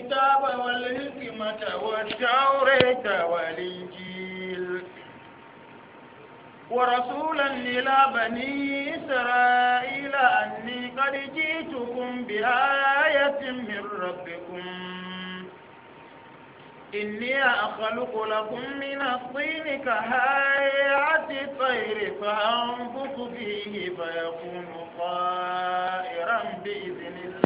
الكتاب والحكمة والتوراة والإنجيل ورسولا إلى بني إسرائيل أني قد جئتكم بآية من ربكم إني أخلق لكم من الطين كهيئة الطير فأنفخ فيه فيكون طائرا بإذن الله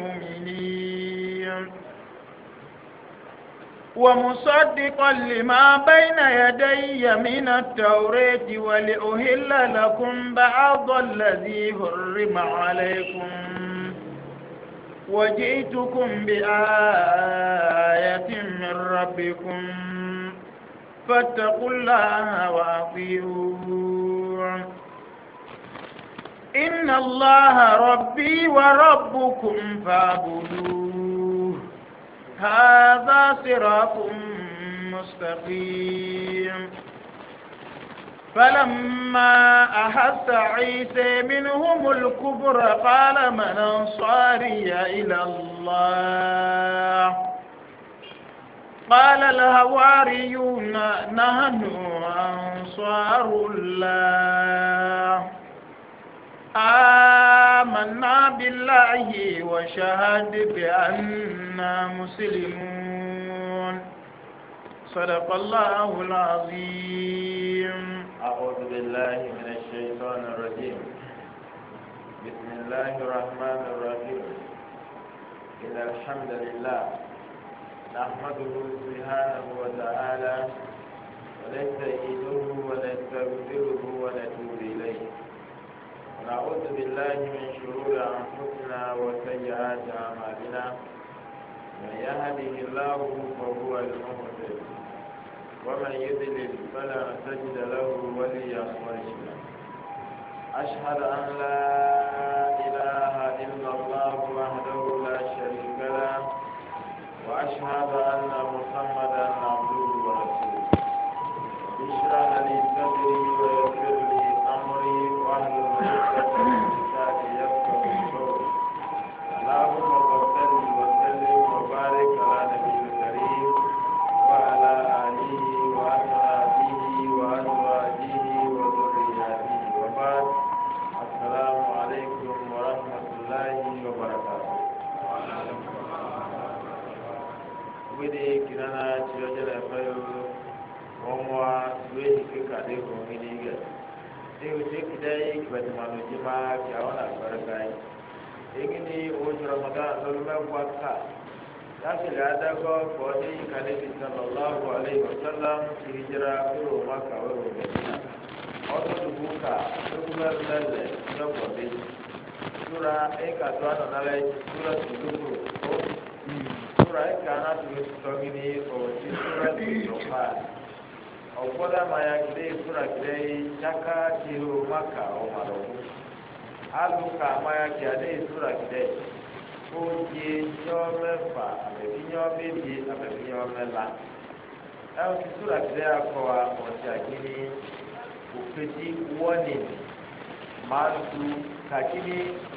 ومصدقا لما بين يدي من التوراة ولأهل لكم بعض الذي حرم عليكم وجئتكم بآية من ربكم فاتقوا الله وأطيعون إن الله ربي وربكم فاعبدوه هذا صراط مستقيم فلما أحس عيسى منهم الكبر قال من أنصاري إلى الله قال الهواريون نحن أنصار الله آمنا بالله وشهد بأننا مسلمون صدق الله العظيم أعوذ بالله من الشيطان الرجيم بسم الله الرحمن الرحيم إن الحمد لله نحمده سبحانه وتعالى ونستعينه ونستغفره ونتوب إليه ونعوذ بالله من شرور أنفسنا وسيئات أعمالنا من يهده الله فهو المهتد ومن يضلل فلا تجد له وليا مرشدا أشهد أن لا إله إلا الله وحده لا شريك له وأشهد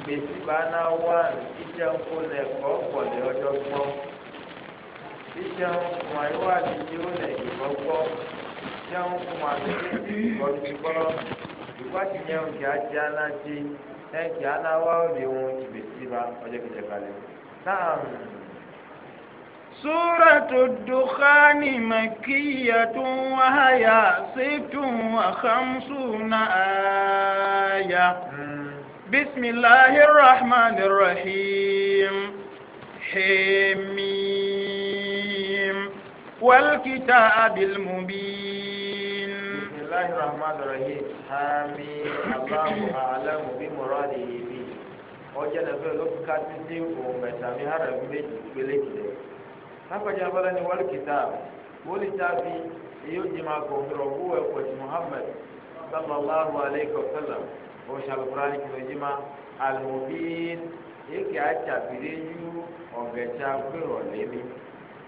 gbèsè bá ná wá ìjẹ ńkó lẹ kọ́ pọ̀lẹ́ ọjọ́ gbọ́ ìjẹ ńkùn àyíwá àdìjẹ ó lẹ ìbọn gbọ́ ìjẹ ńkùn àdìjẹ ìbọn gbọ́ ìwádìí yẹn ń kí ajá náà dé ẹ kí aláwa lè wọn ìgbèsè bá ọjọ́ kejì kalẹ̀ سورة الدخان مكية وهي ست وخمسون آية بسم الله الرحمن الرحيم حميم والكتاب المبين بسم الله الرحمن الرحيم حميم الله أعلم بمراده به ọjọ́ nàfẹ́ olókùn ká ti dín òun mẹ́ta ní hàrà méjì pélé kìlẹ̀ lápẹjẹ abọ́lá ni wọ́n kìtà wọ́n lè ta fi èyí ó jẹ́ máa kọ̀ ọ̀rọ̀ bó ẹ̀kọ́ ti muhammed sallallahu alayhi wa sallam oṣàlùkùránì kìlójúmá àlùmọ̀bíyìn èkè àtsàbìrẹ́yù ọ̀gẹ̀tsà gbèrò lẹ́mi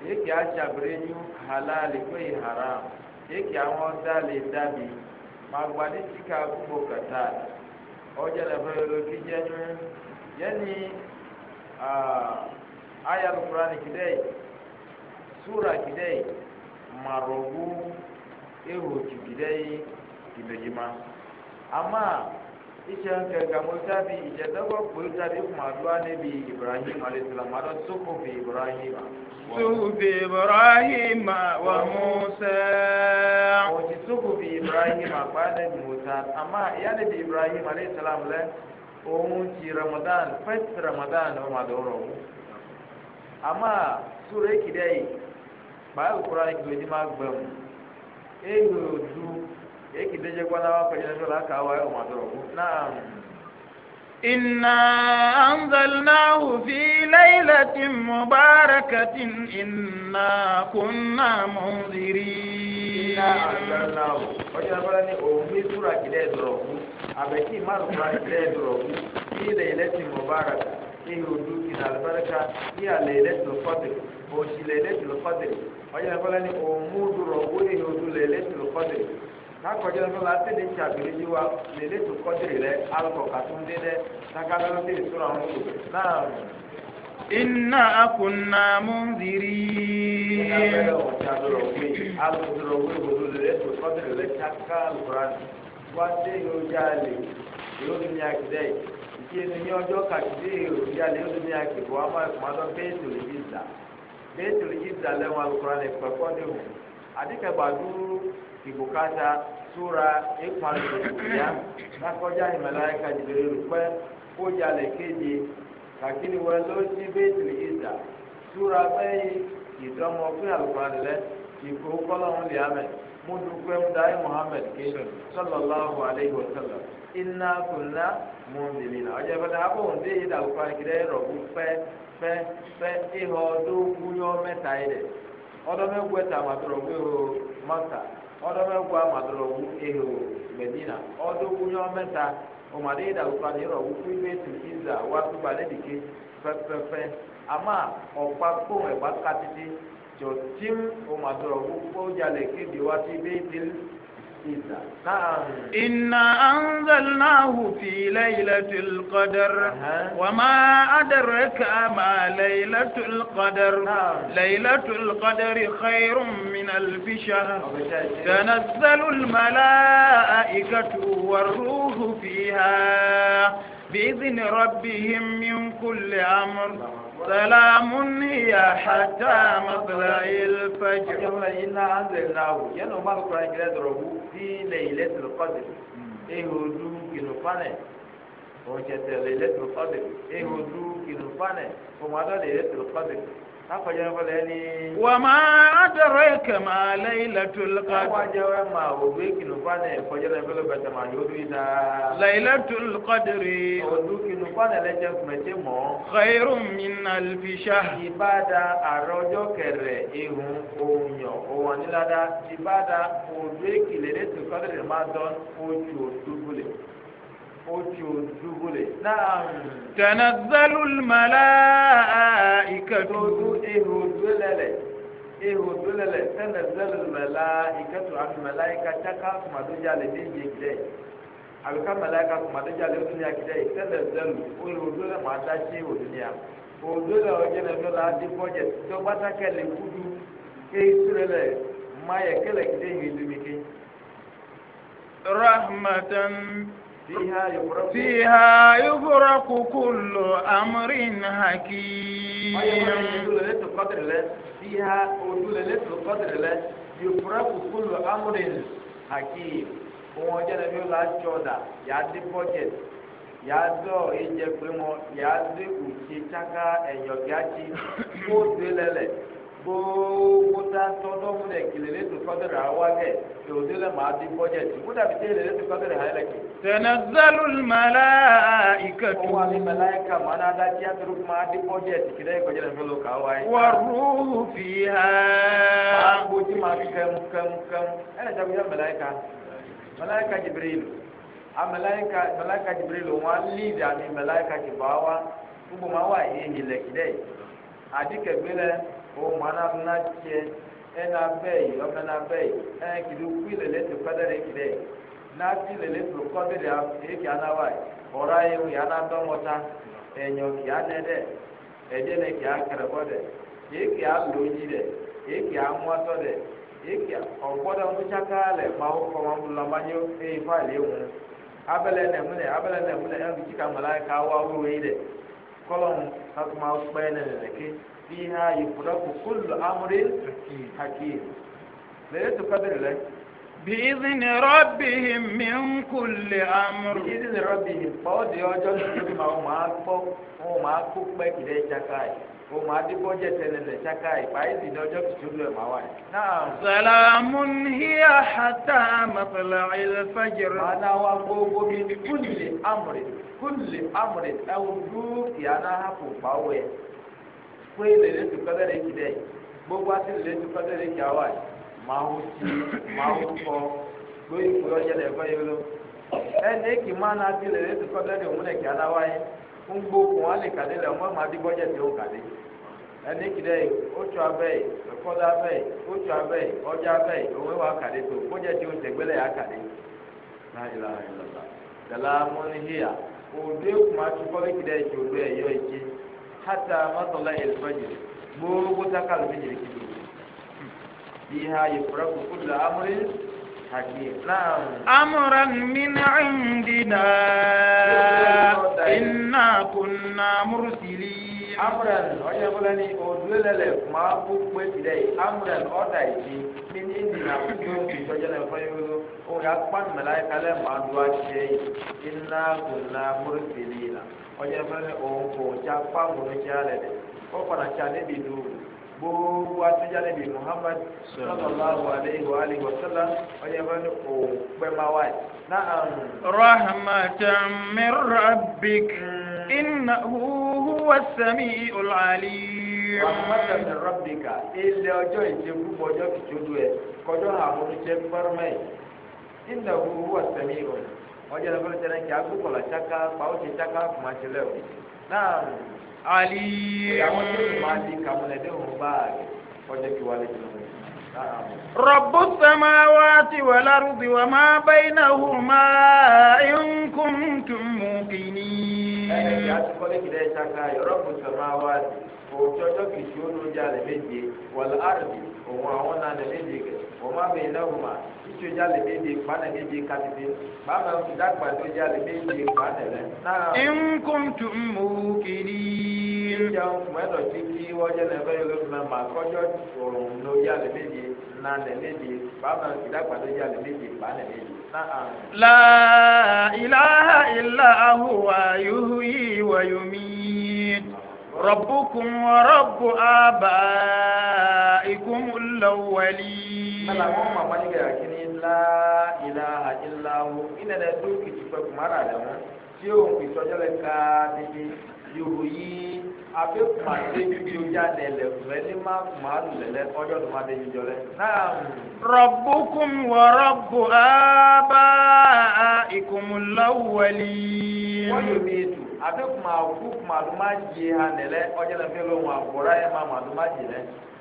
èkè àtsàbìrẹ́yù halali pé haram èkè àwọn dálé dábì magbani sika gbogbo kata ọjà lẹfẹ lókè jẹnu yẹni ayalùkùránì kìdẹ́ súra kìdẹ́ màrọ̀gbó ehòtù kìdẹ́ kìlójúmá ama iṣẹ́ ń kẹ̀kẹ́ mo sábì ìjẹ́sọ́gbọ́ pé ó sábì fún àdúrà níbi ibrahim alayisalaam àdó sókò fi ibrahim. sókòfì ibrahim wà musa. mo ti sókòfì ibrahim àgbáde musa Ama, ìyá níbi ibrahim alayisalaam lẹ òun ti ramadan first ramadan ọmọ àdúrà òun. àmà sórí èkìdẹ́ yìí báyìí kúrò àìkúrò ẹni máa gbẹ̀mù. èyí ò dùn eki deje kwana wa fayina shola ka wa yo madoro na'am إنا أنزلناه في ليلة مباركة إنا كنا منذرين إنا أنزلناه وجدنا فلاني أمي سورة كده دروه أبكي مرة كده دروه في ليلة مباركة إيه ودوكي البركة هي ليلة القدر وشي ليلة القدر وجدنا فلاني أمي دروه إيه ودو ليلة القدر kakɔdze lɛ fɔlɔ ase ne tsi abiri yi wa lele to kɔdiri lɛ alukɔ katunde lɛ saka lɔlɔ te so la ŋutu naa. iná akunna munziri. ɛnna bɛ ɔtsa do lɔ wuli alukɔ do lɔ wuli wo do lele to kɔdiri lɛ saka alukɔra ni wa se yóò dza le yóò do mi akidɛ yi ìdí ẹni ọjọ́ kàkiri yóò dza le yóò do mi akidɛ wa ma kuma dɔ bẹ́ẹ̀ tó le yi da bẹ́ẹ̀ tó le yi da lɛ wọn alukɔra ni pɛkɔ ni o. adịka gbaduru ibukata sura ịkpalụ ya nakọja himalaika jidere rukpe ụja lekeji kakini wẹlẹ ojú bẹẹsìlì ìjà túra bẹyì ìdánwò fún àlùkòrán lẹ ìkó kọlọhún lè amẹ múdùkú ẹmúdáyé muhammed kéèlè sọlọláhu aleyhi wa sọlọ iná na mùndìlì náà ọjọ ìfẹlẹ abóhùn dé yìí dàlùkòrán kìlẹ rọgùn pẹ pẹ pẹ ọdọmẹgbẹ ta àmàdọrọwọ eho mọta ọdọmẹgbẹ àmàdọrọwọ eho mẹdínà ọdọwọ nyọmẹta ọmọdé ìdàgbàsókè ni ìrọwọ fún ibẹ tù ìzà wà túbà lẹdìkẹ pẹpẹpẹ àmà ọ̀pá kóhùn ẹ̀gbá katiti jọ tím ọmọdọrọwọ kó jalè kéde wá sí ibẹ إنا أنزلناه في ليلة القدر نعم. وما أدرك ما ليلة القدر نعم. ليلة القدر خير من ألف شهر تنزل الملائكة والروح فيها بإذن ربهم من كل أمر سلام يا حتى مطلع الفجر إنا أنزلناه ينو ما القرآن كده ضربه في ليلة القدر إيه هدو كنفانة وشتى ليلة القدر إيه هدو كنفانة وما ليلة القدر akɔjɛ fɔlɔ yɛ ni. wa ma a dɔrɔ ye kɛmɛ ala yi latul kadiri. awa jɛ wɛ ma o bɛ kinu fa ne kɔjɛ la fɛlɛ bɛtɛ ma yɔ bi da. layilatul kadiri. o min na lifisa. i b'a ihun o ɲɔ o wa nila da i kadiri ma dɔn o ju o تنزل الملائكة ihò tó lẹlẹ sẹlẹ zẹlẹ mẹla ìkẹtù àti mẹla ìka tsaka kùmàdójà lè ní ìyè kìdẹ àbí ká mẹla ìka kùmàdójà lè ní ìyè kìdẹ sẹlẹ zẹlẹ ihò tó lẹ mọ adájí ihò tó lẹa ihò tó lẹ ọjọ lẹ fẹlẹ adi bọjẹ tó gbàtà kẹlẹ ké. rahmatan. فيها يفرق كل أمر حكيم فيها ليلة القدر يفرق كل أمر حكيم òun ọjọ́ náà bí ó la tsọ dà yàá dé budget yàá dọ̀ ìjẹ́pẹ́mọ yàá dé òkè tsaka ẹ̀yọ̀gàtsi kó dé lẹ́lẹ̀ gbogbo ta tɔ dɔwɔ lɛ kele le tu kɔdɛ rɛ awa kɛ o de lɛ maa di kɔdɛ ti mo dabi te le le tu kɔdɛ rɛ ayɛ lɛ kɛ. tẹnɛ zɛlu mɛlɛ ikatu. o wa ni mɛlɛ ka ma da tia toro kuma di kɔdɛ ti kele ye kɔdɛ rɛ fɛn lo ka wa wɔru fi ha. a ko ma kɛmu kɛmu kɛmu ɛna jago ya mɛlɛ ka mɛlɛ ka jibiri a mɛlɛ ka mɛlɛ ka jibiri lo wa li da ni mɛlɛ ka jibawa gbogbo ma wa ye yelɛ kidɛ adikɛgbe lɛ. òun mọ anabuna tiɛ ɛna bɛyi ɔmɛna bɛyi ɛn kìlú kpi lele tó kɔdɛ rɛ kìlɛ n'ati lele tó kɔdɛ rɛ eke anaba ɔra yi wò yana dɔmɔta ɛnyɔ kìá nɛ dɛ ɛdiɛ nɛ kìá kɛrɛbɔ dɛ eke alo yi dɛ eke amɔtɔ dɛ eke ɔgbɔdɔ ma lɛ la ma manyo eye fa le ŋu abɛlɛ nɛmu nɛ abɛlɛ dɛ فيها يفرق كل أمر حكيم ليلة القدر لك بإذن ربهم من كل أمر بإذن ربهم فوض يوجد يوم أو معكو أو معكو بكرة شكاي o máa dé bọ́jẹ̀ tẹ́lẹ̀lẹ̀ ṣáká ìpáyédì ní ọjọ́ tuntun ló máa wà. salamun hiya hatta matla ilfajr. ana wa gbogbo mi kúnlẹ̀ amúre kúnlẹ̀ amúre ẹ̀wọ̀n dúkìá náà kò bá wẹ̀. fún ilẹ̀ lẹ́tù kọ́dẹ̀rẹ̀ kì dẹ́ gbogbo àti ilẹ̀ lẹ́tù kọ́dẹ̀rẹ̀ kì awa máa ń ti máa ń kọ gbé ìpè ọ̀yẹ́ lẹ̀ fọ́ yẹn ẹni kì máa na ti ilẹ̀ lẹ́tù kọ́dẹ̀rẹ̀ òun lẹ̀kì aláwa ń wọn lè kàdé máa kàdé. ẹni kì dẹ́ abẹ́ abẹ́ abẹ́ ọjà abẹ́ òun wà kàdé tó tẹ̀gbẹ́lẹ̀ yà kàdé. láyé láyé hata matala ilfajir gbogbo taka alfajir kiri biha yifraku kullu amrin hakim naam amran min indina inna kunna mursilin amran onye bụla ni olulele ma bụ kpebire amran ọda iji ndị ndị na kudo kudo jana fayolo ga kpan le ma onye bụla ni o ko ja cha gbogbo muhammad wa wa sallam onye bụla ni um, rahmatan إنه هو السميع العليم رحمة من ربك إلا أجو إجيبو بوجو كجودو كجو هابو نجيب فرمي إنه هو السميع ọjọ́ ìlú ọlọ́tẹ̀ náà kí agbókọ̀lá ṣáká pàóṣe ṣáká kùmà نعم. lẹ́wọ̀ náà àlì àwọn tí kò máa di kàmúlẹ̀ رب السماوات والأرض وما بينهما إن كنتم موقنين ẹ̀ẹ́dì àtikọ́lẹ́kì lẹ́yìn ṣáká yọ̀rọ̀pù sọ̀máwá òjò ọjọ́ kìí ṣe ó lójà lè méje wọ̀lá àrùbí òun àwọn náà lè méje kẹ̀ wọ́n má bẹ̀yìn náà wò má ìṣó já lè méje pàánà méje na bàbá òun ti dàgbà tó já lè méje pàánà rẹ̀. nǹkan tún mú kiri. ìjà ń fún ẹ̀ lọ na méje bàbá ìdàgbàdo yà lẹ méje bàá méje. La ilaha illa huwa yuhyi wa yumiit. Rabbukum wa rabbu abaikumul awwalin. Mala wọn ma wani gaya kini la ilaha illa ina da doki ti fẹ kumara da wọn tí o fi sọjọ lẹ ká dídí a fi kuma débi nìlẹ̀ fún ẹni má má lẹ̀lẹ̀ ọjọ́ tó má dé jíjọ lẹ. rọ̀bùkún wọ rọ̀bù ábá wọ́n yóò bụ ètò àbẹ́kùnmá kú màdùmájì hàn lẹ̀lẹ̀ ọjọ́ lẹ́fẹ́ lóhùn ma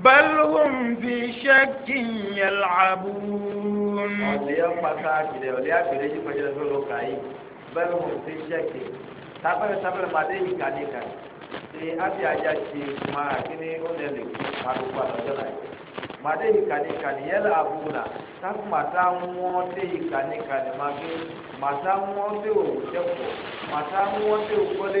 bal hum fi shakkin yal'abun. ọ̀dẹ́yà pàtó àkìlẹ̀ ọ̀dẹ́yà àkìlẹ̀ yìí pẹ̀lú ẹ̀fọ́ ló kà yìí bal hum fi shakkin. sábẹ́rẹ́ sábẹ́rẹ́ màdé yìí kà ní kà ṣe ábí ajá ṣe máa kíní ó lè lè kú àdókò àtọ́jọ́ náà yìí. màdé yìí kà ní kà ní yal'abuna sáfù màtá wọ́n dé yìí kà ní kà ní máa gbé wọ́n dé òwò jẹ́pọ̀ màtá wọ́n dé òkọ́lé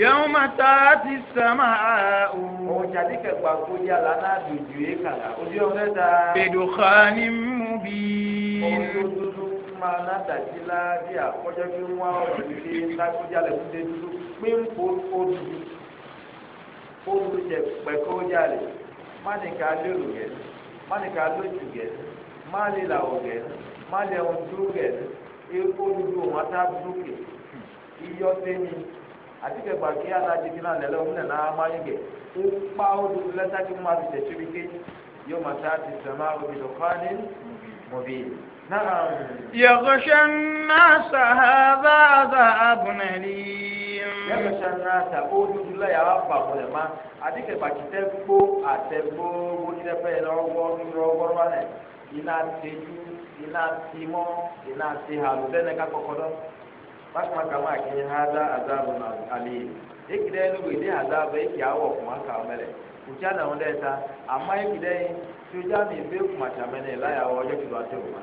yẹ́wọ́n máa ta ti sàmà o. ọjà ní kẹgbà kó yá lánà dùdú yé kàlà ojú ọ̀rẹ́ ta. bèdùkà ni mú bí. ọjọ́ dúdú máa ná dàjí la bí àkọ́jọ́ kí wọ́n ọ̀rọ̀ nílé lágbójá lẹ̀ fún dúdú pé ń kó o dúdú jẹ pẹ̀ kó yá má ní ká lérò gẹ̀ má ní ká lójú gẹ̀ má lè làwọ̀ gẹ̀ má lè ohun dúró gẹ̀ ẹ̀ kó dúdú òun atike gbake ya na jiki na lele omune na ama yege ukpa odu leta ki ma bi tetu bi ke yo ma ta ti sama o bi dokanin mo bi na'am yaghsha an-nas hadha adhabun alim yaghsha an-nas odu la ya pa ko le ma atike gbake te gbo ate gbo wo ni le pe lo wo ni ro wo wa timo ina ti halu ka kokodo bakma kama ake hada azabu na ali ikide nugu ide azabu iki awo kuma ka mele ucha na hunde ta amma ikide tuja mi be kuma ta mene la ya wojo ki ba te kuma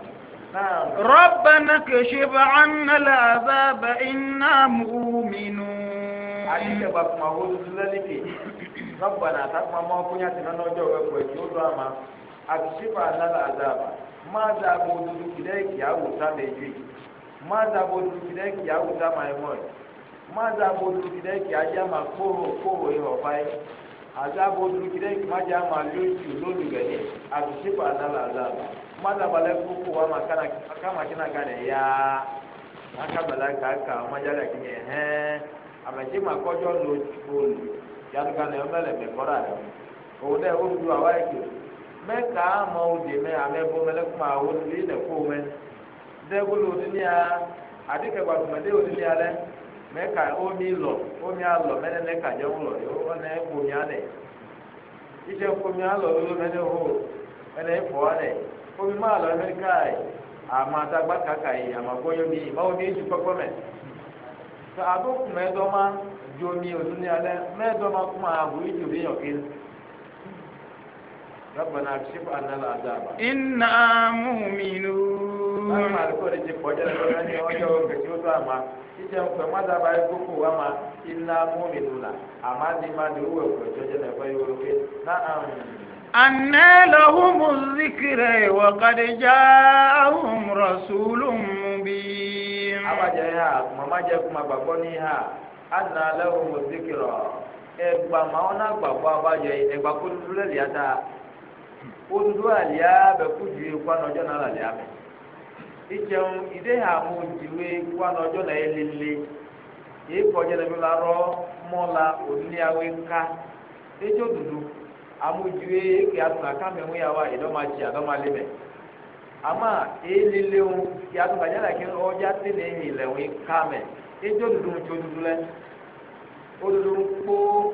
ربنا كشف عنا العذاب إنا مؤمنون عليك بكما هو ذلك ربنا تكما ما كنا تنانوجو وكويتو دراما أكشف عنا العذاب ماذا أبو ذلك إليك يا أبو سامي maza bodu ma awuta maimon e. maza bodu fideki aja ma koro koro iho e pai aza bodu fideki maja ma lutu lolu gani abishipa adala azaba maza bale wa kama kina ya aka bala la ma yanu omele me kora o o du awa e ka mo de me amebo mele kuma o le degolo odinia adike gbadumede odinia lɛ mɛ ka omi lɔ omi alɔ mɛ nɛnɛ ka dze ŋlɔ ɔnɛ ekpomi alɛ itse ekpomi alɔ lolo mɛ nɛho ɛnɛ efɔ alɛ omi ma alɔ mɛ kai amadagba kaka yi ma omi edu kpɔkpɔ mɛ aɖo kumɛ dɔma dzomi lɛ mɛ dɔma kuma abu idzo bi yɔ ربنا اكشف عنا العذاب إنا مؤمنون láwọn àlùkò lè ikú kù wá ma iná múmi lùlà àmà ní ma ní owó ẹ̀kọ́ ìjọjọ́ náà fẹ́ yóò wé náà. أنى لهم الذكر وقد جاءهم رسول مبين. àbájá yẹn a màmá jẹ́ kó ma gbàgbọ́ ní yẹn a أنى لهم الذكر ẹgbàá màá náà gbàgbọ́ àbájá yẹn ẹgbàá odu alia bɛ kudu kwa na la lia mɛ itsɛŋu ide ha mo diwe kwa na n'ayi lele ekɔdzɛ n'ɛfɛ la rɔ mɔla onuliawe ka edzo dudu diwe eke atuna kamɛŋu ya wa idɔma tsi mɛ ama elele ŋu yatuna dza lake ɔdza lɛ ŋu ka mɛ edzo dudu ŋu tso dudu lɛ ŋu kpoo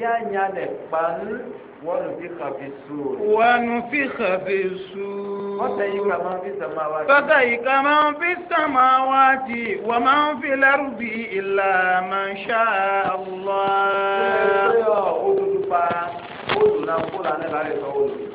yáànyá lẹ̀ kpan wọ́n fi xafi sùúr. wọ́n fi xafi sùúr. fọ́tà yìí ká máa fi sàmà wá. fọ́tà yìí ká máa fi sàmà wá ti wọ́n máa ń fi lárúbi ìlà màṣá àlọ́. ṣé ọ òdòdó pa òdòdó náà kó lànà lálẹ́ sọ òdòdó.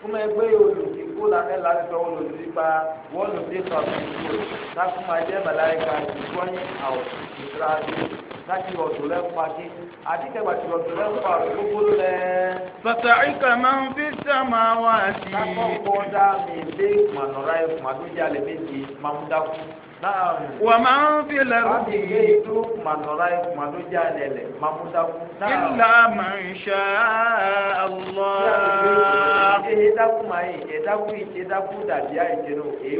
kúmẹ̀ gbé òdòdó kó lànà lálẹ́ sọ òdòdó pa one of these of the people that my dear malaika is going out to travel láti ọ̀dọ̀ lẹ́kọ̀ọ́ ajé àdìgbà tí ọ̀dọ̀ lẹ́kọ̀ọ́ àgbógbó lẹ́. pàtàkì máa ń fi sàmà wá sí i. lákọ̀ọ́kọ́ dá mi lé mànàrá ẹ̀kùn àdójà lè méje máa ń dákú. wà máa ń fi lẹ́rù. láti ilé ìlú mànàrá ẹ̀kùn àdójà lè lẹ̀ máa ń dákú. ilà máa ń ṣá àlọ́. ẹ̀ẹ́dákùn máa ń ẹ̀ẹ́dákùn ìṣẹ́dákùn dàbí àìṣẹ́ náà èé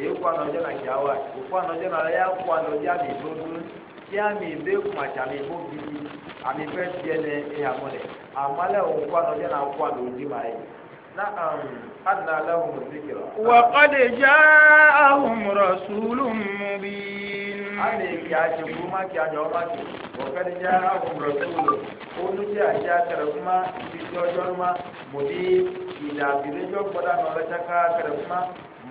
èkó anɔdze na tsi awa òkó anɔdze na ya kó anɔdze ami dodo tí ami bẹ kumatsi ami bó bibi ami fẹ tiɛ nɛ ehamɔ lɛ amalɛ òkó anɔdze na kó anɔdze ma yi. نعم أن لهم الذكرى وقد جاءهم رسول مبين عليك يا جمهما يا جمهما وقد جاءهم رسول قولوا يا جاترهما في جوجرما مبين إلى بلجوك بدا نورتك كرهما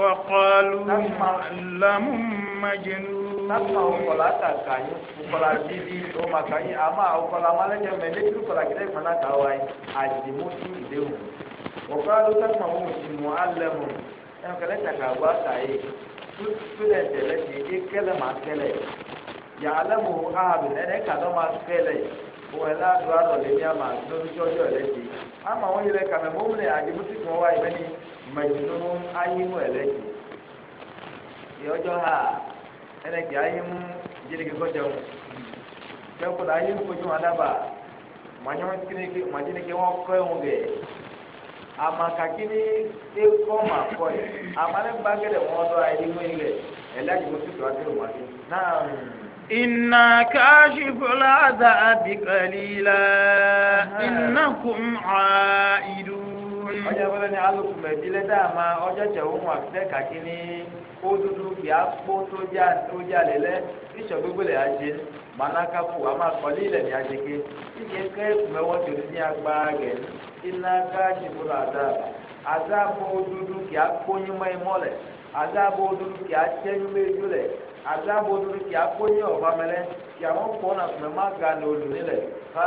وقالوا معلم مجنون nasuma ọkọla ta ka yi ọkọla bibi o ma ka yi ama ọkọla ma lẹjẹ mẹ ne tulu kọla kẹlẹ fana ka wa yi adimu tu idewu ọkọla do tasuma mo ti mu alẹmu ẹ kẹlẹ ta ka wa ta yi student lẹ ti e kẹlẹ ma kẹlẹ ya alẹmu ahabi ẹ nẹ ka dọ ma kẹlẹ wọn lé adu alọ lé ní ama lórí tí ọjọ lẹ ti ama wọn yi lẹ kàmẹ mọ wọn lẹ adimu ti kàn wa yi ni. mẹjọnú ayimu ẹlẹdì ìyọjọ ha ẹlẹdì ayimu jẹlẹkẹ kọjọm jẹkọdọ ayimu kọjọm adaba mọnyọmọtinike mọnyọmọtinike wọn kọ ma kɔ yi amalẹgba gẹlẹ wọn dọ ayimu yi lẹ ẹlẹdì mo ti tọ o ma fi إنا كاشف العذاب قليلا إنكم ọjọ́ ìfọlẹ́ ni alùpùpù ẹ̀bí lẹ́tà máa ọjọ́ ìṣẹ̀wò wọn àfẹ́ kàkí ní ó dúdú kì á kó tó já lé lẹ tíṣọ̀ gbogbo lẹ̀ Ma n'aka mànáka fò àmà kọ́lé ilẹ̀ ní àṣekè kíkẹ́ kẹ́ mẹ́wọ́ tó ní agbá rẹ̀ iná ká ṣèkúrò àdá àdáàbò dúdú kì á kóyún mọ́ ẹmọ́ lẹ̀ àdáàbò dúdú kì á dúdú àwọn má ga ní ká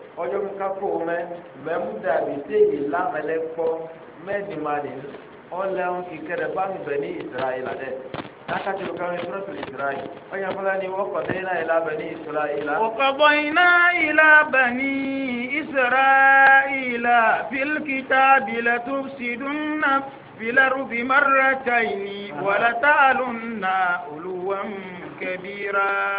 ọjọ́ kíkà kó o mẹ́ mẹ́mú dàbí téèyì lámẹ́lẹ́ kpọ́ mẹ́ẹ̀dìmánì ọlẹ́hún kíkẹ́rẹ́ bá mi bẹ̀ ní israel adẹ́ lákàtí ló kàwé sọ́tù israel ọ̀yà fúlá ni wọ́n kọ̀dé iná ìlà bẹ̀ ní israel. ọ̀kọ̀bọ̀ iná ìlà bẹ̀ ní israel fílkìtà bìlẹ̀ tó ṣìdún náà bìlẹ̀ rúbì mọ́rẹ́ tẹ̀yìn wọ́lẹ̀ tààlù náà olúwa كبيرا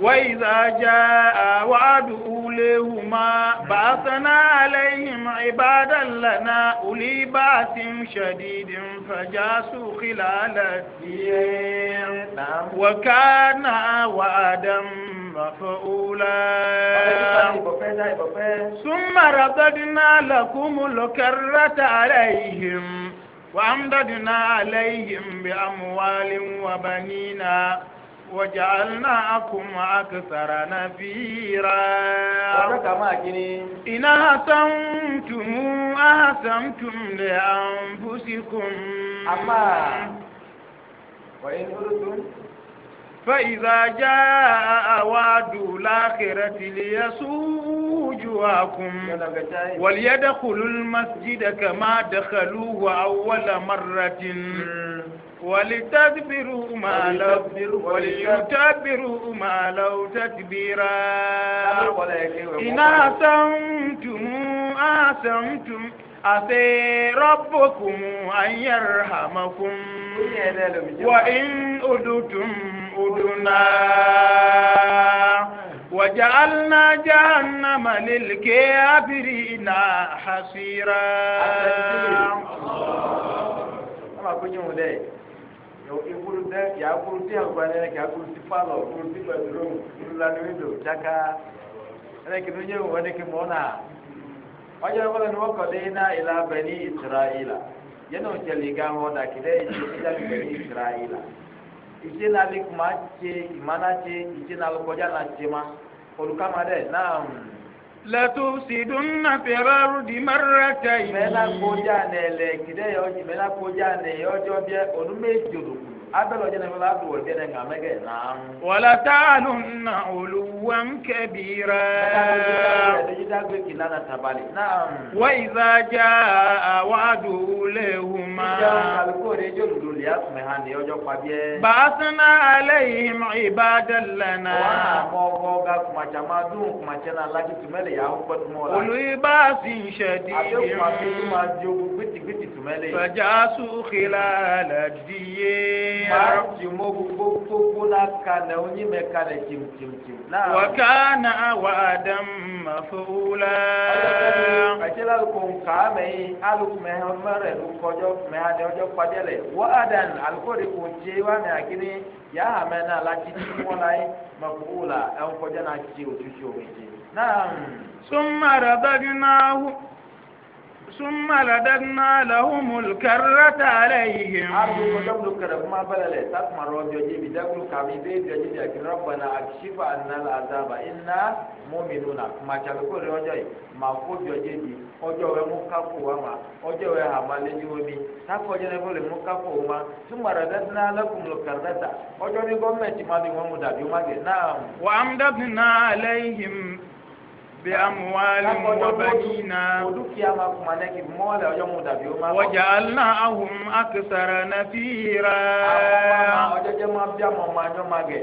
وإذا جاء وعد أولهما بعثنا عليهم عبادا لنا أولي بأس شديد فجاسوا خلال الدين نعم. وكان وعدا مفعولا ثم رددنا لكم الكرة عليهم وأمددنا عليهم بأموال وبنينا وجعلناكم أكثر نفيرا إن أحسنتم أحسنتم لأنفسكم أما وإن قلتم فإذا جاء وعد الآخرة ليسوجواكم وجوهكم وليدخلوا المسجد كما دخلوه أول مرة ولتدبروا ما لو وليتدبروا ما لو تدبيرا إن أسمتم أسمتم أتي ربكم أن يرحمكم وإن أدتم بيوتنا وجعلنا جهنم للكافرين حصيرا ọmọ akpẹjọ wọn dẹ yọ ekuru dẹ kí akuru tí agba dẹ kí akuru ìlà yẹn náà ń tẹlẹ gán wọn dà kí dẹ ìṣe ń lalẹ kuma ṣe ìmánà ṣe ìṣe ń lalẹ kọjá náà ṣe ma olùkọ́ ma dẹ̀ náà. lẹ́tọ̀ sídùn náà fẹ́rẹ́ rúdi mẹ́rẹ́ tẹ̀yìn. mẹ́lá kọjá nẹ̀ lẹ́kìdẹ́yọ̀ jù mẹ́lá kọjá nẹ̀ yọjọ́ bíẹ́ olùmẹ́jọ̀ lòkù. abẹ́lẹ̀ ọjọ́ nàìjíríà láti wọ̀ jẹ́ nàìjíríà mẹ́gẹ̀ náà. wọ́lá táàlù nà olùwà ń kẹ́bi rẹ̀. ẹ̀ẹ́dẹ́jì dágbé kì náà tabalẹ̀ náà. wọ́n ìjà àlùkò rẹ̀ jẹ́ olùdó lè àtúnmí hàn ní ọjọ́ pàbíẹ́. bàásánà alẹ́ yìí mọ ìbàdàn lẹ́nà. wọ́n àmọ́ ọgá kùmàjà máa dùn kùmàjà náà lájú tùmẹ́lẹ̀ yà olùyíbáàsì ń ṣẹ̀dí ìrìn. àjọ Fàájìmọ́ gbogbo gbogbo náà kalẹ̀ onímẹ̀ kalẹ̀ tìmtìmtìm. Wàká náà wà Adam Màfúlá. Àti lálùkùn kàámẹ́yìn alùpùpẹ̀ mẹ́rẹ̀ ló kọjọ́ mẹ́hàdé ọjọ́ pàdélẹ̀. Wà Adam alùpùpẹ̀ kò jẹ́ wà ثم لَدَنَّا لَهُمُ الْكَرَّةَ عَلَيْهِمْ أرجو جبل كرب مَا بلل تسمع رب يجي بدكل كامي بيت يجي لك ربنا أكشف عنا العذاب إنا مؤمنون ما تلقوا رجعي ما فوت يجي دي ọjọ́ wẹ mú kápò wa ma ọjọ́ wẹ hàmà lẹ́yìn omi tákọ̀jọ́ náà fọlẹ̀ mú kápò ma túmọ̀ àdàdà náà lẹ́kùn lọ kàrẹ́tà ọjọ́ ní gọ́ọ̀mẹ̀ntì má bí wọ́n mú dàbí wọ́n gẹ̀ náà. wàá ń dábìnrin náà lẹ́yìn bí amuwaali wabanina. olu kí mu dàbí o alina ahun akisara nafiira. àwọn ọmọ ọjọ́ jẹ́ máa bí a mọ̀ máa jọ máa gẹ̀.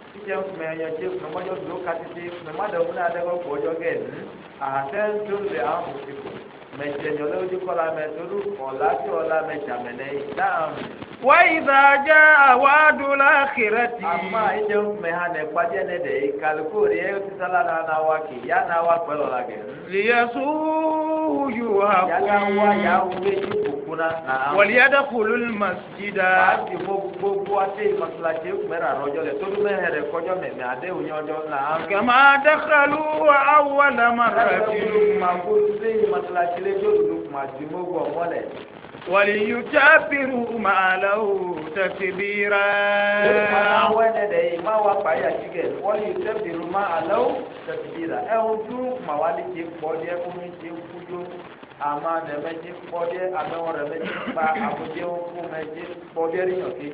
títí mẹ ẹyọjẹ mẹmọjọ dúró katiti mẹmọdọ múná adẹgbọ kọjọ gẹ ní àtẹ ntòlè àwọn òsìkò mẹjẹ nyọlẹ ojú kọlá mẹtọdún ọlá tí ọlá mẹjà mẹlẹ yìí dáhùn. وإذا جاء وعد الآخرة أما إن مهان بجنة دي كالكوري يتسالى لنا واكي يا نواك بلو لكي ليسوء وجوهكم وليدخلوا المسجد كما دخلوا أول مرة وليكبروا ما له تكبيرا ما وقع وليكبروا ما له تكبيرا أوجو ما والدي بودي أمي جيبوجو أما دمجي بودي أما ورمجي با أبو جيبو مجي بودي ريوكي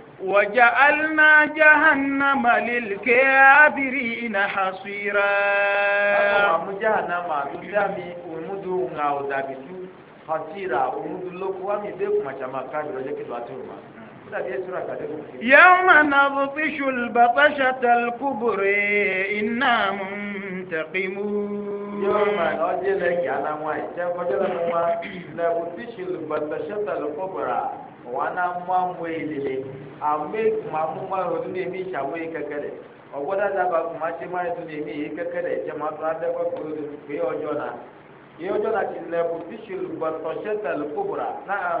وجعلنا جهنم للكافرين حصيرا جهنم قدامي ومدو يوم نبطش البطشة الكبرى إنا منتقمون يوم نبطش البطشة الكبرى wana mamu ilile ame kuma muma rodu ne mi shawo yi kakare da daba kuma se ma rodu ne mi yi kakare jama to adakọ kurodo pe ọjọ na ye ọjọ na ti lẹ bu tisiru bọtọsẹta lukubura naa.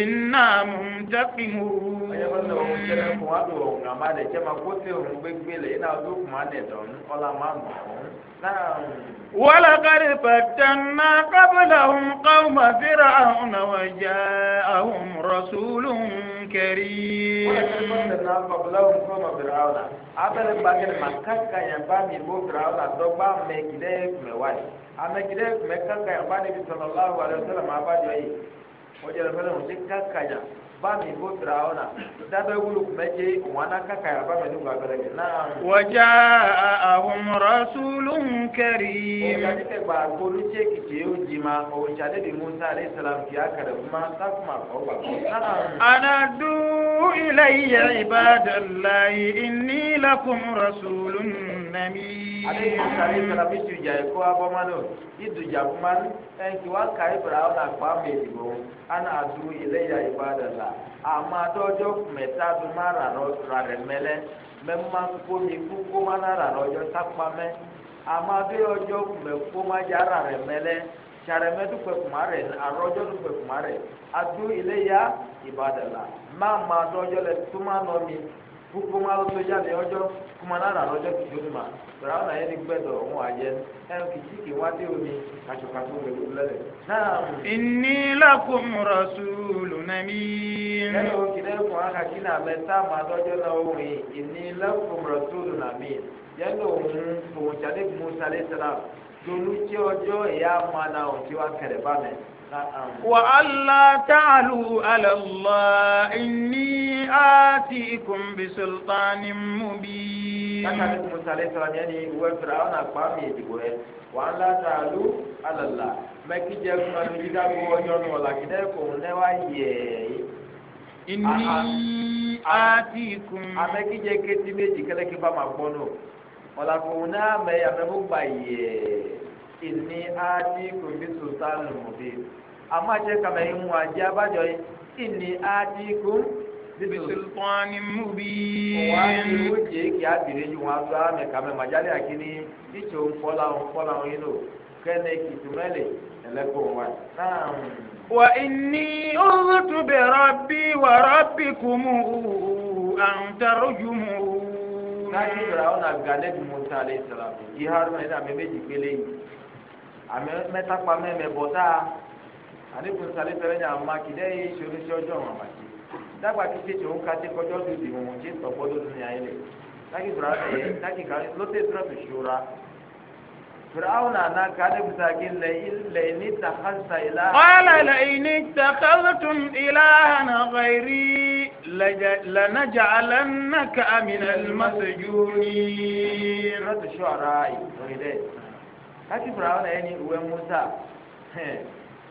iná mùtẹ́kìmù. ọyọ́bọ̀tọ̀ òun jẹ́rẹ̀ fún na bí òun kà má ma kó tẹ̀ òun gbégbé lẹ̀ iná ọdún kuma nẹ̀ dọ̀n ọlá má ولقد فتنا قبلهم قوم فرعون وجاءهم رسول كريم فتنا قبلهم قوم فرعون abẹ́rẹ́ gbàgẹ́ màkàkà yẹn bá mi bó fìràwọ́n àdọ́gba mẹ́gídẹ́ mẹ́wàá yìí amẹ́gídẹ́ mẹ́kàkà yẹn bá níbi sọ̀rọ̀ láwùjọ àdọ́sọ̀rọ̀ máa bá jọ yìí wọ́n jẹ́ lọ́fẹ́lẹ́ wọn ti kàkà yẹn bami ko firawuna dabe wulu kun bɛ je wana ka kaya bami n'u ka bɛrɛ kɛ naam. wàjà ahun rasulun karim. o ka kɛ gba k'olu cɛ kìtì di ji ma o jale de musa ale salam kìí a kɛrɛ kuma ta kuma kɔ gba. naam. ana du ilayya ibadalayi inni lakum rasulun ale yi sari fana mi tu dza ko abɔ ma no yi dza wa edigbo ana du ile ya yi ba da la ama dɔ ma ra ra rɛ mɛ lɛ mɛ ma ko ma na ra nɔ yɔ mɛ ama dza ra rɛ mɛ lɛ tsarɛ mɛ du kpɛ kuma rɛ ile ya yi ba la ma ma lɛ tuma nɔ mi. gbogbo ŋun alóso jáde ọjọ kuma nana lọjọ kìí ma ọ̀nà yẹn ni gbẹ́dọ̀ ọ̀hún àjẹ ẹnu kìí kìí wá dé omi kàtúkàtú omi ló lẹ́lẹ̀. ìní lakum ẹnu òkìlẹ̀ náà máa náà ó rìn ìní yẹnu na òun tí وألا تعلوا على الله إني آتيكم بسلطان مبين كان موسى عليه السلام يعني هو فرعون أقام يتقول وألا تعلوا على الله ما كي جاكم أن يجاكم وجون ولا كدكم نوايي إني آتيكم أما كي جاكم تبيجي كده كبا مقبونو ولا كونا ما يعملوا بايي إني آتيكم بسلطان مبين àmọ́ àti kàmẹ́ yìí mú àjẹ́ abájọ yìí ìní àdínkù. bíbí sultani mubi. wọ́n á ní ìwé jẹ́ kí á bìrì ju wọn aṣọ àmì kàmẹ́ màjálẹ̀ àkíní ìṣó ńfọ́lá ńfọ́lá yìí lò kẹ́ni kìtùmẹ́lì ẹlẹ́kọ̀ọ́ wa náà. وإني أذت بربي وربكم أن ترجموا láti ìràwọ̀n àgbàlẹ̀ bí musa alẹ́ ìsàlámù yìí haruna ẹ̀dá mi méjì pélé yìí àmì mẹ́ta pa mẹ́mẹ́ bọ̀ tá ani kun sali fɛrɛ nya ma kide ye sori sɔ jɔ ma ma ti dagba kiti tso ŋu kati kɔjɔ du di mu tsi tɔgbɔ do du nya yi le taki sora ɛ taki ka lote sora tu sora sora awo na na ka ne kuta ki lɛ lɛ ni ta ha sa ila. wala lɛ lana jacalana ka amina masajuni. sora tu sora yi o yi dɛ taki sora awo ni uwe musa.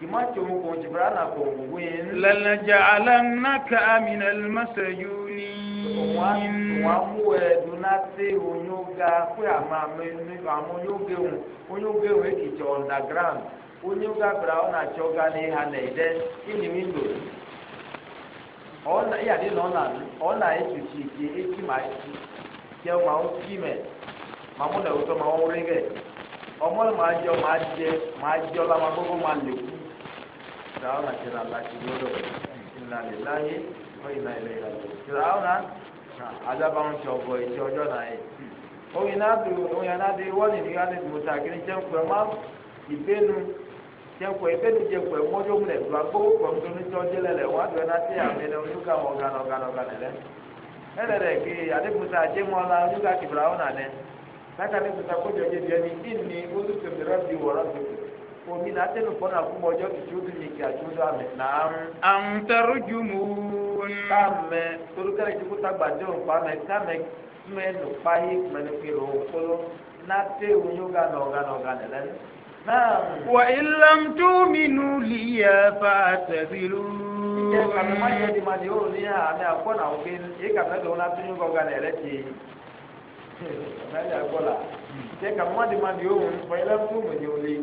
kìmá tí òun kò jìbìrà náà kò wù yín. lẹ́lẹ́jà alámúnáka àmìnà lọ́sẹ̀jú ni. wọ́n mú ẹ dunate onyoga pé àmọ́ àmọ́ onyoge òun onyoge òun èkì jọ underground onyoga bìrà ọ̀nà àjọga ga ìhàlẹ̀ ìdẹ́ kíni wíńdò. ọ̀nà ìyàdí na ọ̀nà ọ̀nà ètò ti ọ máa je máa ma ọ lámà ma máa fìràwọ̀nà jẹ́ra láti lọ́dọ̀ ìnà lè láyé wọ́n ìnà ilẹ̀ ìlànà fìràwọ̀nà adábàwọn tí ọ̀bọ̀ ìtì ọjọ́ náà yẹ. oyin náà dùn oyin náà dé wọ́n ní ìyá ní mọ̀tà kí ni jẹ́nkùẹ́ má ìbénu jẹ́nkùẹ́ ìbénu jẹ́nkùẹ́ mọ́jọ́ múlẹ̀ gbà gbogbo pọ̀npọ̀ ní tí ọjọ́ lẹ̀ wọ́n adùn ẹ̀ná tí àmì ẹ̀ oníkà wọn gánà gánà gánà lẹ̀. ẹ̀rẹ̀ rẹ̀ kì í adébùtà jẹ́mọ́lá oníkà kìfìrà ọ̀nà nẹ. lákàtúntà kójọ jẹjẹ ni ìní olùsèmíràn ti wọ̀rọ̀ tuntun omi na tẹnu kọ́nà kúmọ ọjọ́ tuntun tó yẹ kí àjọyọ̀ àmì náà. àǹtẹ̀rù jù mú un. káàmẹ torúkẹ́rẹ́ ìdíkú tàgbà dé òun pa mẹ káàmẹ mẹnu páyé mẹnu kiri òun kóló náà tẹ òun yóò gánà ọ̀gánà ọ̀gánà lẹ́nu. wà á ilẹ̀ tó mi nù lìyà bá a tẹ̀sí lù. ìjẹ́ kàmí má yẹ ìdìmọ̀ ni ó ní àmì àkọ́nà òkè yìí kàmí tó náà tún yóò gánà ẹ̀rẹ́ ti ìjẹ́ kàmí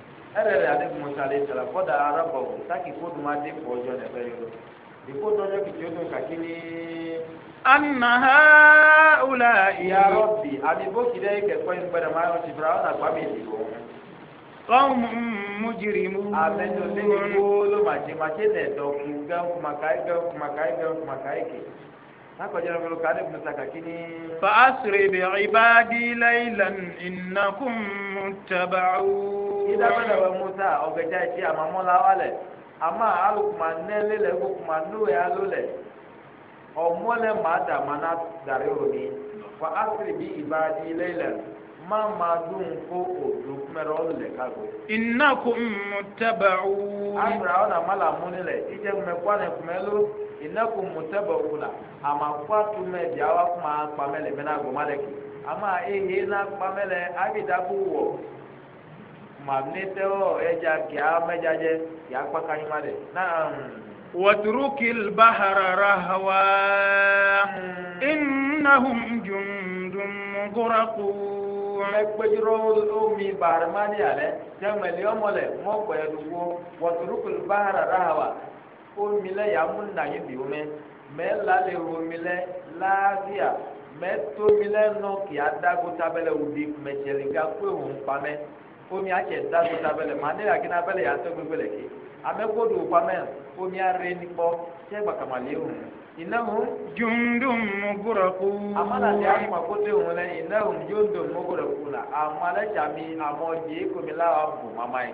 ɛrɛrɛ ale bi musa ale sara kɔda arabaw saki ko duma de kɔ jɔ nɛfɛ yɔrɔ de ko bi tso dun ka kini. anaha ula yarɔ bi abi bo kiri ye kɛ kɔɲi gbɛrɛ ma yɔrɔ ti fara ɔna gba mi di o. kɔn mujirimu. a bɛ to ne ni wolo ma se ma se nɛ dɔn kun gɛn kuma ka ye gɛn kuma ka ye gɛn nakɔjɛ lɔbɔlɔ ka ne kun ta ka kini. fa asiri bi ibadi laylan innakum mutaba'u. idaba na wa musa ɔgɛdza etsi ama mɔla wa lɛ ama alu kuma nɛlɛ lɛ ko kuma noe alo lɛ ɔmɔ lɛ ma da ma na dari o ni fa asiri bi ibadi laylan ma ma dun ko o dun kumɛrɛ ɔlu lɛ ka go. innakum mutaba'u. asiri awo na ma la mu ni lɛ idze kumɛ kɔ ne kumɛ lo. innakum mutabauna ama kwatu me jawa kuma pamele mena gomaleki ama ehe na pamele abida buwo magnete o eja kia mejaje ya kpaka nyuma de na واترك البحر رهوا إنهم جند مغرقون مكبجرو أمي بحر ماني omi lɛ yamu nanyi bi wome mɛ la le wo mi lɛ laafia mɛ to mi lɛ nɔ kì adagota bɛ lɛ wòdi mɛ tsɛli ga kó ewu ŋkpa mɛ omi atsɛ dagota bɛ mɛ ane yake na bɛ gbegbe lɛ ke ame kodo ŋkpa omi are ni kpɔ tsɛ gbakama li ewu inahu. jundun muguraku. amalade akpa kote ŋu lɛ inahu jundun muguraku la amalɛ tsami amɔ dze komi la wa mama yi.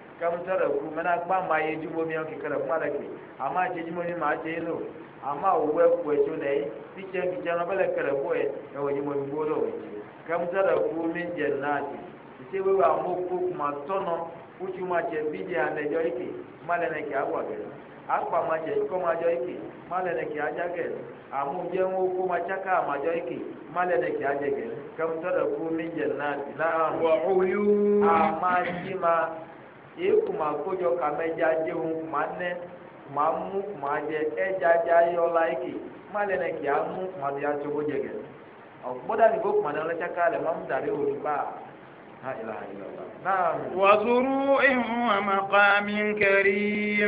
kamta da ku mana ba ma ye jumbo mi yanki kala kuma da ke amma ce jumbo mi ma ce no amma uwe ku e to nei ti ce ki jana bala kala ko e e wo jumbo mi bodo we kamta da ku min jannati ti we wa mo ku kuma tono uchu ma ce bidi ande jo iki male ne ki agwa ke akpa ma ce ko ma jo iki male ne ki aja ke amu je wo ku ma chaka ma jo iki male ne ki aja ke kamta da ku min jannati na'am wa uyu amma jima yìí kùmà kójọ kàmẹ́jà jẹun kùmà nẹ́ kùmà mú kùmà jẹ ẹ̀jà jẹ ayọ̀ láìkì má lẹ́nà kì á mú kùmà tó yà tó bó jẹ gẹ̀. ọ̀gbọ́dá nìgbó kùmà náà lọ́jà ká lẹ̀ má mú dàrí òní bá a. wàzúrú ìhun àmàkàmí kẹrí.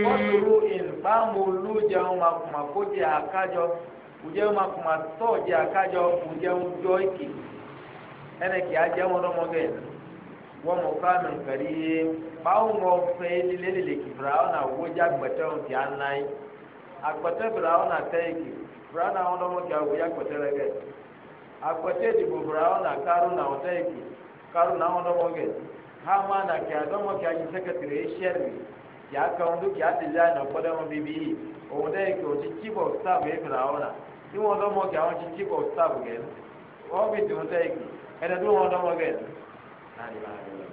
wàzúrú ìbámu olú jẹun ma kùmà kó jẹ àkájọ òjẹ́ ma kùmà tọ́ jẹ àkájọ òjẹun jọ báwọn ọ̀fẹ́ nílé lèlèkì fìràwọ̀nà wọ́jà gbẹ̀tẹ́ òun ti àná yìí agbẹ̀tẹ́ fìràwọ̀nà tẹ́yìkì fìràwọ̀nà àwọn ọlọ́mọdé àwòyá gbẹ̀tẹ́ rẹ̀ gẹ̀ agbẹ̀tẹ́ ìdìbò akpata kárùn àwọn tẹ́yìkì kárùn àwọn ọlọ́mọdé hama na kí adọ́mọkẹ́ ayé sẹ́kẹ̀tìrì ẹ̀ṣẹ́rì kí akanwó kí adìlẹ́ àná kọ́dẹ́wọ́n bíbí yìí òun tẹ́yìkì òun ti tíbọ̀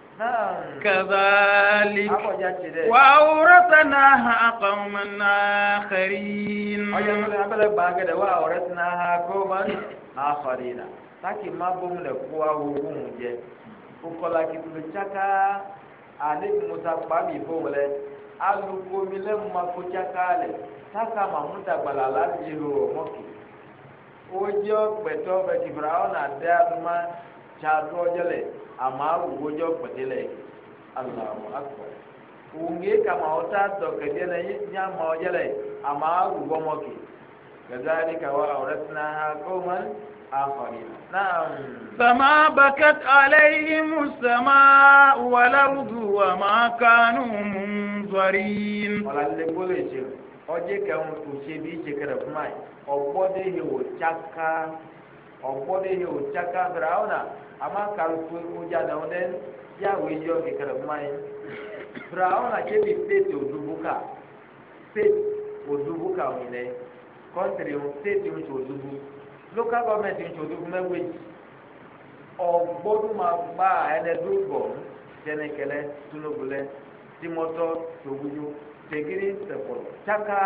كذلك وأورثناها قوما آخرين وأورثناها قوما آخرين saki ma bom le kua wogun jɛ wokɔla kitulu tsaka ale musa kpami bom lɛ alukomi lɛ mako tsaka lɛ saka mamuta la mɔki wodze bɛ ɔna de tsa do amma gojo kwadila yi allahu akbar wunge kama wata doka jela yi nyama wajela yi amma gugo moki كذلك وأورثناها قوما آخرين نعم فما بكت عليهم السماء والأرض وما كانوا منظرين ọjọ́ kẹrin kò ṣe bí ṣe kẹrẹ̀ fún máa ọgbọ́dé ìhòòhò ṣáká ọ̀pọ̀lọpọ̀ yìí òjàká bẹ̀rẹ̀ àwọn amákàlùkù ìkújà náà lẹ́ mmanya ìjọ kékeré mmáyé bẹ̀rẹ̀ àwọn àjẹbí stéètì steeti stéètì òdùbùkà òyìn lẹ nke stéètì ńṣe òdùbù lókà gọ́ọ̀mẹ̀ntì ńṣe òdùbù mẹ́wéjì ọ̀gbọ́dún máa gbá ẹnẹdúgbọ̀ tẹnẹkẹlẹ túnúbulẹ tìmọ́tọ́ tògúdú tẹ̀gírí tẹ̀pọ̀ tsaka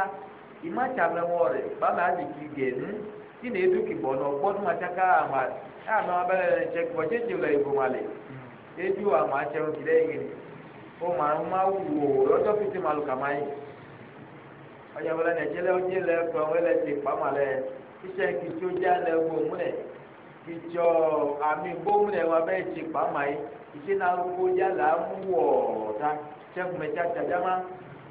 ìmátsàmẹ́wọ̀ rẹ̀ bàmí ki ne du ki bono bot ma chaka ama a ma ba che ko che ju le bu male e ju ama che ru le ngi o ma ma wu ro to fi ti malu kamai aya bala ne che le o che le ko le ti pa male ki che ki chu ja le bu mu le ki cho ami bu mu le wa be ti pa mai ki na ru ko ja la mu wo ta che me cha cha ja ma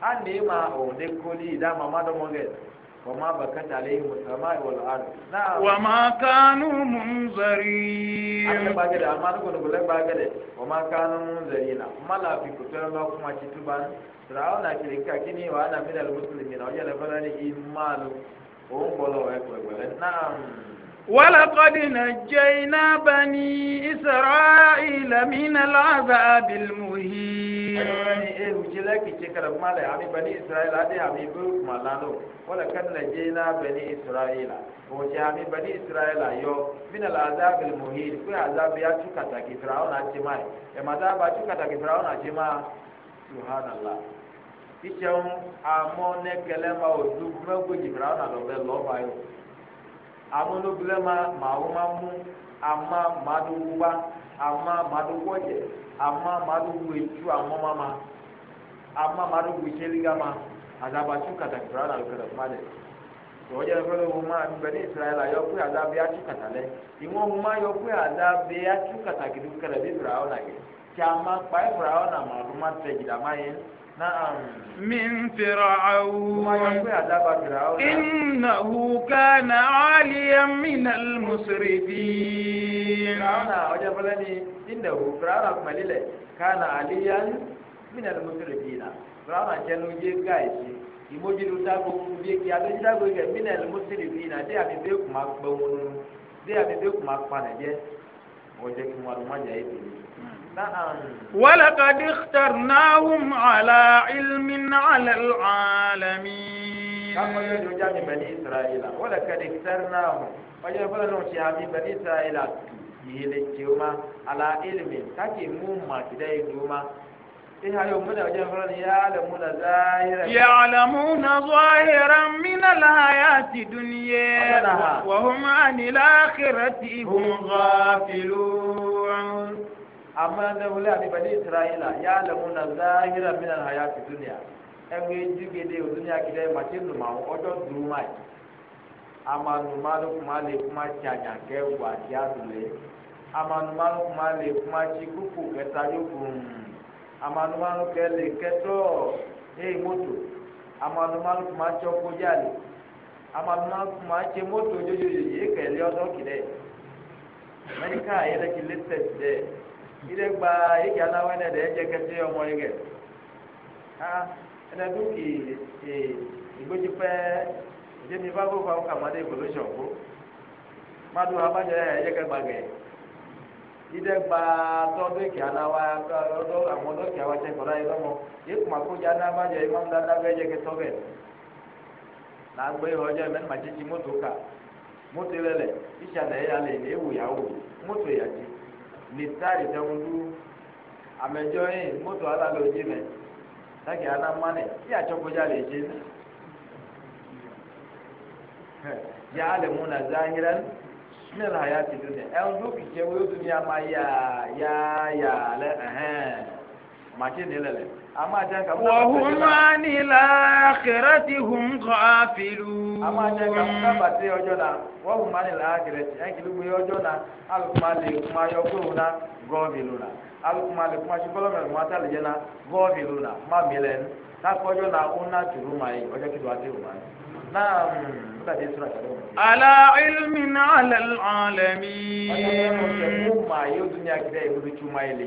ande ma o de koli da ma ma do mo ge wa ma bakat alaihim as-sama'u wal ard na wa ma kanu munzarin aka ba ge da ma do ko le ba ge de wa ma kanu munzarin mala fi ko to ma kuma ci tuban rauna kirika kini wa ana min al-muslimin wa ya la fara ni imalu o ko lo e ko Na. ولقد نجينا بني إسرائيل من العذاب المهين ولقد نجينا بني إسرائيل wòtí àmì bẹni israẹla yọ mina la azabi muhiri kó azabi atu kataki firawo na ti ma yi ẹmọdé ba atu kataki firawo na ti ma suhanala ìṣẹ̀wọ̀n amọ̀ nẹkẹlẹ́ ma o dùgbò mẹ́gbẹ̀jì firawo na lọ bẹ lọ́ba yìí amonobile ma mawo ma mu ama madowu ba ama madowu ɔdze ama madowu etu amɔ ma ma ama madowu itseliga ma adabatsu katakura la lukɛlɛ kuma lɛ tɔwɔdze lɛ fɛlɛ wo ma bɛ ne israɛl ayɔ kpe adabi atsu kata lɛ iwɔ wo ma yɔ kpe adabi atsu kata kidu kɛlɛ bi israɛl na yi tí a ma kpa israɛl na ma do ma tɛ dzi la ma yɛ. من فرعون إنه كان عاليا من المسرفين إنه فرعون مليلة كان عاليا من المسرفين فرعون كانوا يجيب ìmójúlu dáko bí kí abẹ́jú dáko yẹ mínà lùmùsílì bí iná dé àbíbé kùmà gbẹ̀wọ̀n dé àbíbé kùmà panẹ̀ jẹ́ ọ̀jẹ̀ kùmà lùmọ̀jà yẹ bìrì. ولقد اخترناهم على علم على العالمين ولقد اخترناهم على علم تاكي إيه يعلمون ظاهرا من الحياة الدنيا وهم عن الآخرة هم غافلون amma da wuli a bani isra'ila ya lamu na zahira minan hayati duniya ẹgbẹ jíge de duniya kìlẹ màtí nùmà ọjọ dùnmà yìí ama nùmà ló kuma lè kuma tsi àjàkẹ wà tí a dùn lé ama nùmà ló kuma lè kuma tsi kúkú kẹta yóò fún ama nùmà ló kẹ lè kẹtọ eye moto ama nùmà ló kuma tsọ kọjá lè ama nùmà ló kuma tsi moto dzodzodzodzo ekele ọdọ kìlẹ mẹrika yẹ lẹ kìlẹ tẹsí dẹ ilé gba eke anáwó ẹnẹ dẹ ẹdze kẹsẹ ọmọ yi kẹ ha ẹnẹ tó kì ee ìgbésí pẹ ẹdí mi bá kó fa ọkà má dé evolution kó má do abájọ ẹ ẹdze kẹ gba gẹ ilé gba tọdọ eke anáwó ọdọ àwọn ọdọ eke awọn ẹsẹ kọdọ ayé lọmọ yìí kò má kó dza náà abájọ yìí má ń dáná bẹ ẹdze kẹ tọ làgbé ọjọ ẹ má títí mọtò ká mọtò lẹ ìṣàlẹ yà lẹ ewu misali tẹun amẹjọ yìí moto alalẹ ojú mẹ sáàkì anamánẹ tí àtsọkọjá lè ṣe ní. yà á lè mú na záhírà ní ìlànà àyà ti dùn ní ẹun kìí ṣe wọ́n yóò tún ní a yà yà yà màṣíìnì lẹ̀lẹ̀ a máa jẹ́ nǹkan. wọ̀hún máa ní láàkìrẹ́ ti hùn kọ́ àfìlú. a máa jẹ́ nǹkan fún kábàtì ọjọ́ náà wọ́hún máa ní láàkìrẹ́ ti ẹ̀ kìlú gbé ọjọ́ náà alùpùpù lè kuma yọ gbóhùn náà gọ́ọ̀bì lónà alùpùpù lè kuma sí kọ́lọ́mẹ̀ lè mú atálẹ̀ náà gọ́ọ̀bì lónà má mi lẹ́n kákọ́jọ́ náà ó ná tùrú máa yìí ọjọ́ kí Ala ilmin ala alamin. Ọjọ́ ìgbà tó ń sẹ́kù máa yóò dún ní ìwúrí túmọ̀ ilé.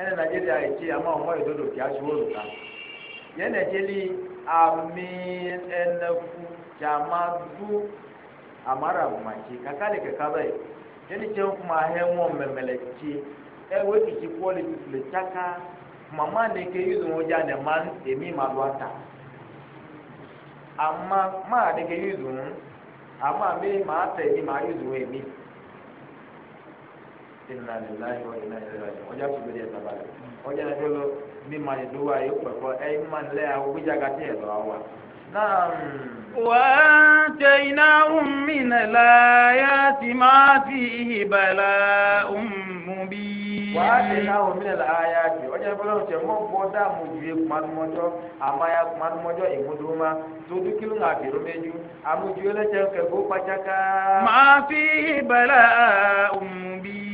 ẹnna nàìjíríà ìtì àmọ́ ọmọ ìdodo kìí aṣọ òrùka yẹn nàìjírí àmì ẹnẹfu jàmádú àmàràmàjì kàkàlì kẹkà bẹ́ẹ̀ yẹnni tsẹ́ ńkú máa hẹ́ wọn mẹ̀mẹ̀lẹ̀ tsi ẹ wọ́n ti tsi kọ́ lè tsaka màmá ni ke yíyún wọn dza nẹ̀ máa ń tèmi máa ata àmà máa ni ke ma àmà mi máa tẹ̀ mi èmi. inna lillahi wa inna ilaihi raji'un ọjà tó gbélé ẹ̀sán balẹ̀ ọjà yẹn tó lọ bí màá yẹ dúró ayé pẹ̀kọ́ ẹ̀yìn máa ń lẹ́ àwọn gbéjà gàtí ẹ̀ lọ́wọ́ wa. وآتيناهم من الآيات ما فيه بلاء مبين وآتيناهم من الآيات ọjọ́ ìbọ̀lọ́ ṣe mọ́ bọ́dá àmójúwe kumanumọ́jọ́ àmàyà kumanumọ́jọ́ ìmúdùmá tóbi kìlú ńlá àbẹ̀rù méjú àmójúwe lẹ́jẹ̀ kẹ̀kọ́ pàjáká. ما فيه بلاء مبين.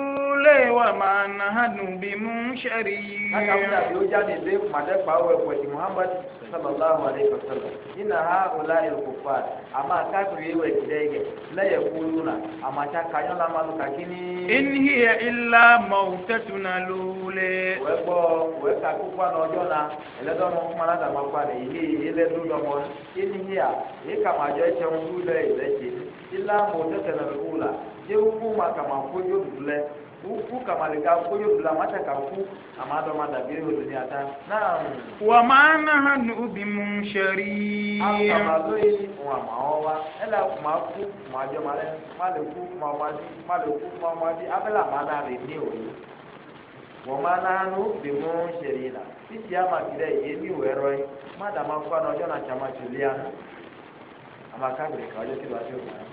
kule wa ma nahnu bi munshari haka mna bioja ni zai kumada kwa awe kwa ti muhammad sallallahu alaihi wasallam ina haula al kufar ama kafiru yewe kidege la yakuluna ama ta kanyola malu kakini in hiya illa mautatuna lule webo weka kukwa na ojona eledo mo kumala da makwale ile ile dudo mo in hiya ika majo eche ngule ile ila mautatuna lule je ukuma kama kujo dule uku kamalika kuyo bila macha kaku amado madabiri ho dunia ta na wa maana hanu bi munshari amado yi wa maowa ela kuma ku kuma jo male male ku kuma madi male ku kuma madi abela mana re ni o yi wa maana hanu bi munshari na sisi ama kire ye ni wero yi madama kwa no jona chama juliana amakagre ka jo ti ba ti o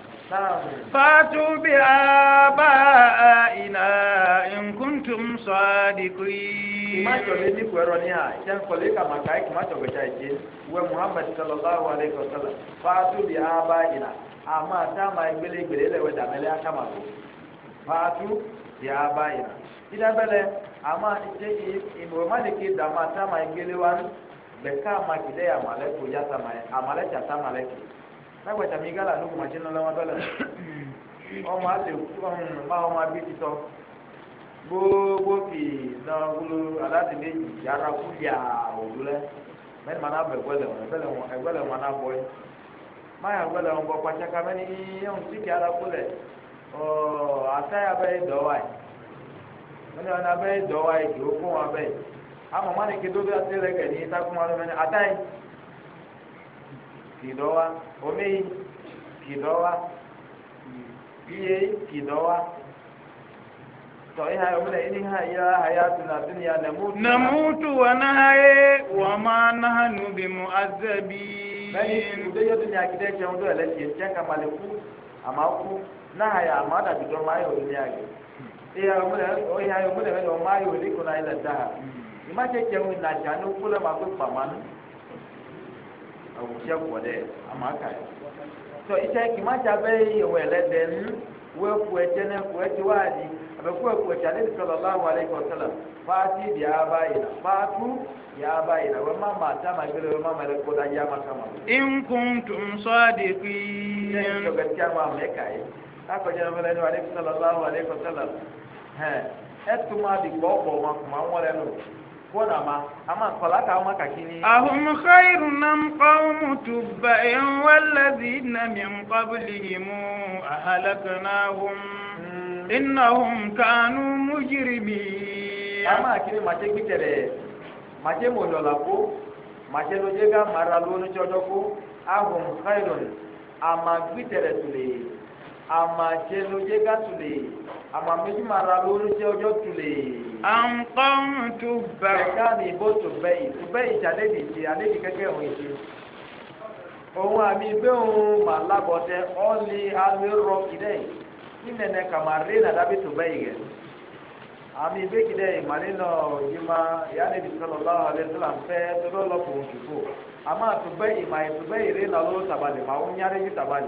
فاتوا بآبائنا إن كنتم صادقين ما جولي دي كوروني هاي كان كوليكا ما كايك ما جوبتا يجين ومحمد صلى الله عليه وسلم فاتوا بآبائنا أما تاما يبلي بلي لو داملي أكما فاتوا بآبائنا إذا بلي أما تيجي إمو مالكي داما تاما يبلي وان بكا ما كده يا مالك ويا تاما يا مالك يا تاما مالك lágbàtà mi gálà ló kò máa ṣe ń lọ́wọ́ dọ́là ọmọ àti ọmọ ọmọ abí ti sọ gbogbo fi náà wúlò aláàtì méjì yàrá kúlíà òdu lẹ mẹni màá nàbọ ẹgbẹlẹ wọn ẹgbẹlẹ wọn nàbọ yẹ máyà ẹgbẹlẹ wọn bọ pàṣẹkà mẹni ẹhùn síkì alákúlẹ ọ àtàyà bẹẹ dọwà yìí mẹni wọn abẹ dọwà yìí kí ó kó wọn abẹ yìí àmọ mánìkì dóbi àti ẹlẹgẹ ní takùn wọn lọ mẹni àtàyà. kidoa omei kidoa iye kidoa to iha yomuna iniha ya hayatuna dunya namutu namutu wa nahaye wa ma nahanu bimuazzabin bani kude yo dunya kide che ondo ele che che kamale ku ama ku nahaya ama da bido ma yo dunya ge iha yomuna o iha yomuna we no ma yo liko na ile daha ima che che mu na janu kula ma ku pamanu awutia gbɔ dɛ ama ka yi tɔ bɛ dɛ nu nɛ wa di ale wa ale di a ba yi la paatu di a ba yi la wɛ ma ma ma gbɛlɛ wɛ ma ma lɛ kɔ da ya ma kama. inkuntun sɔɔdiki. ne ye jɔkɛ ma mɛ ka n'a jɛnɛ fɛnɛ ni ale sɔlɔ la wa ale kɔ sɛlɛ hɛn di ma kuma kódà ma a máa kọ̀ látàwọn máa kàkí ni. àhùn xayiru nam kọ́ọ̀mù tùbà ẹ̀ń wàlàdì nàmì nkọ́bìlì yìmú àhàlàkànáhùn ìnáhùn kánú mújìrìmì. a máa kiri màjẹ gbìtẹ̀lẹ̀ màjẹ mọ̀lọ́lá kó màjẹ lójẹ́gà mara lónìí tsọ́jọ́ kó àhùn xayiru àmà gbìtẹ̀lẹ̀ tùlẹ̀. àmàjẹnujẹ gàtulè àmàmẹjùmọ̀ra lórí jẹ ọjọ́ tulè. àǹkọ́n tó bẹ̀. ẹ̀ka ni ìbò tó bẹ́ tó bẹ́ yìí tàlẹ́ bìí ti alẹ́ bìí kẹ́kẹ́ òun yìí. òun àmì ìgbé òun mà lábọ̀tẹ́ ọ́ọ̀lì alẹ́ rọ kìdẹ́ ní nẹ̀nẹ̀ kàmárì nàdàbí tó bẹ́ yìí àmì ìgbé kìdẹ́ yìí mà nínú ìjìmá yánni bí lọ́wọ́ fẹ́ tó lọ́ọ́ lọ́kùnrin ṣùgbọ́n tó bẹ́ yìí mà ètò bẹ́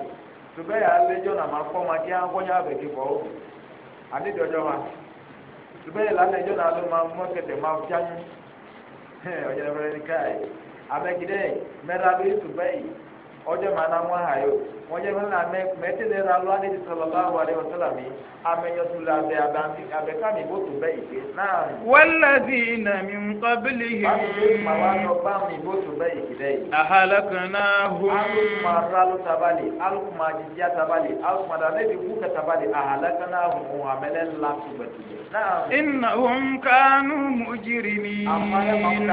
tube ya alejọ na ma fọ ma kí agbọnyọ abẹ kí fọ o ani dọjọ ma ya alejọ na ma mọ kẹtẹ ma fi anyi ẹ ọjọ lẹfẹrẹ ni káyà bi ma na mọ ha o. mɔdze fana ame mɛte ɖe la lɔ alebi sɔlɔ la wa ɖe wɔtɔ la mi ame yɔtu la bɛ abe abe ka mi boto bɛ yi ke naa. walazi na mi nkɔbili yi. wáyé wa lɔ ba mi boto bɛ yi ke dɛ yi. ahalakana hu. alukuma ralu tabali alukuma jijiya tabali alukuma da bi ku ka tabali ahalakana hu muhammed la tubatubɛ. naa. ina hun kanu mujirimi. a ma ne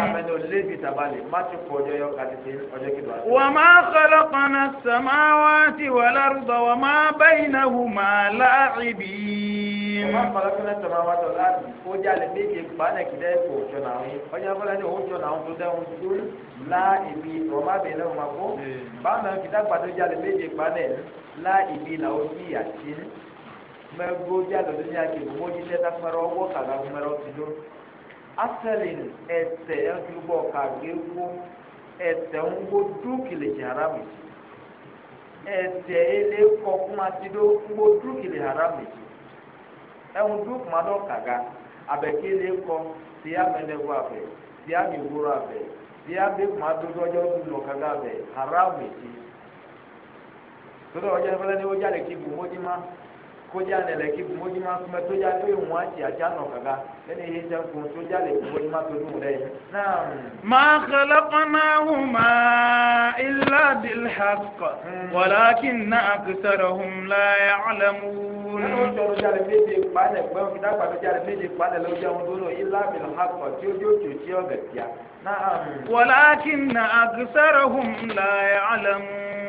ma ko السماوات والأرض وما بينهما لاعبين وما خلقنا السماوات والأرض وجعل بيك إقبانا كده وشناوي وجعل فلاني وشناوي تدعون دول لاعبين وما بينهما فو بعد كده بعد وجعل بيك إقبانا لاعبين أو بيعتين mẹgbó jáde lórí àgbè mọjú tẹta mẹrọ ọwọ kàdá mẹrọ tìlú asẹlìn ẹsẹ ẹnjú bọ kàgé kú ẹsẹ ń gbó ɛdɛ ele kɔ kuma ti do ŋgo du kele haram le kaga ele kɔ ti amɛnɛgo avɛ ti amiworo avɛ ti abe kuma do dɔdzɔ du nɔ kaga avɛ haram le tsi tɔdɔ ɔdzɔ ɛfɛ lɛ bu kódza ne le ki mojima kume todza to ye ŋua tsi atsa nɔ kaka ɛni ye tsa kun todza le mojima to dun dɛ naam. ma xalakana huma ila bilhaq hmm. walakin na akisara hum la yaclamu. ɛni o tɔɔrɔ tsa le meje kpa ne gbɛn kita kpa todza le meje kpa ne le o tsa ŋu dolo ila bilhaq tí o jo tso tsi ɔ gɛ na akisara hum la yaclamu.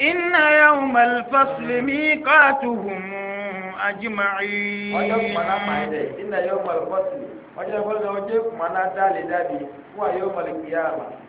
إن يوم الفصل ميقاتهم أجمعين إن يوم الفصل ọjọ́ ìfọ́lẹ́dọ̀ ọjọ́ ìkùmọ̀ náà dá lè dábì fún àyọ̀mọ̀lẹ́kìyàmà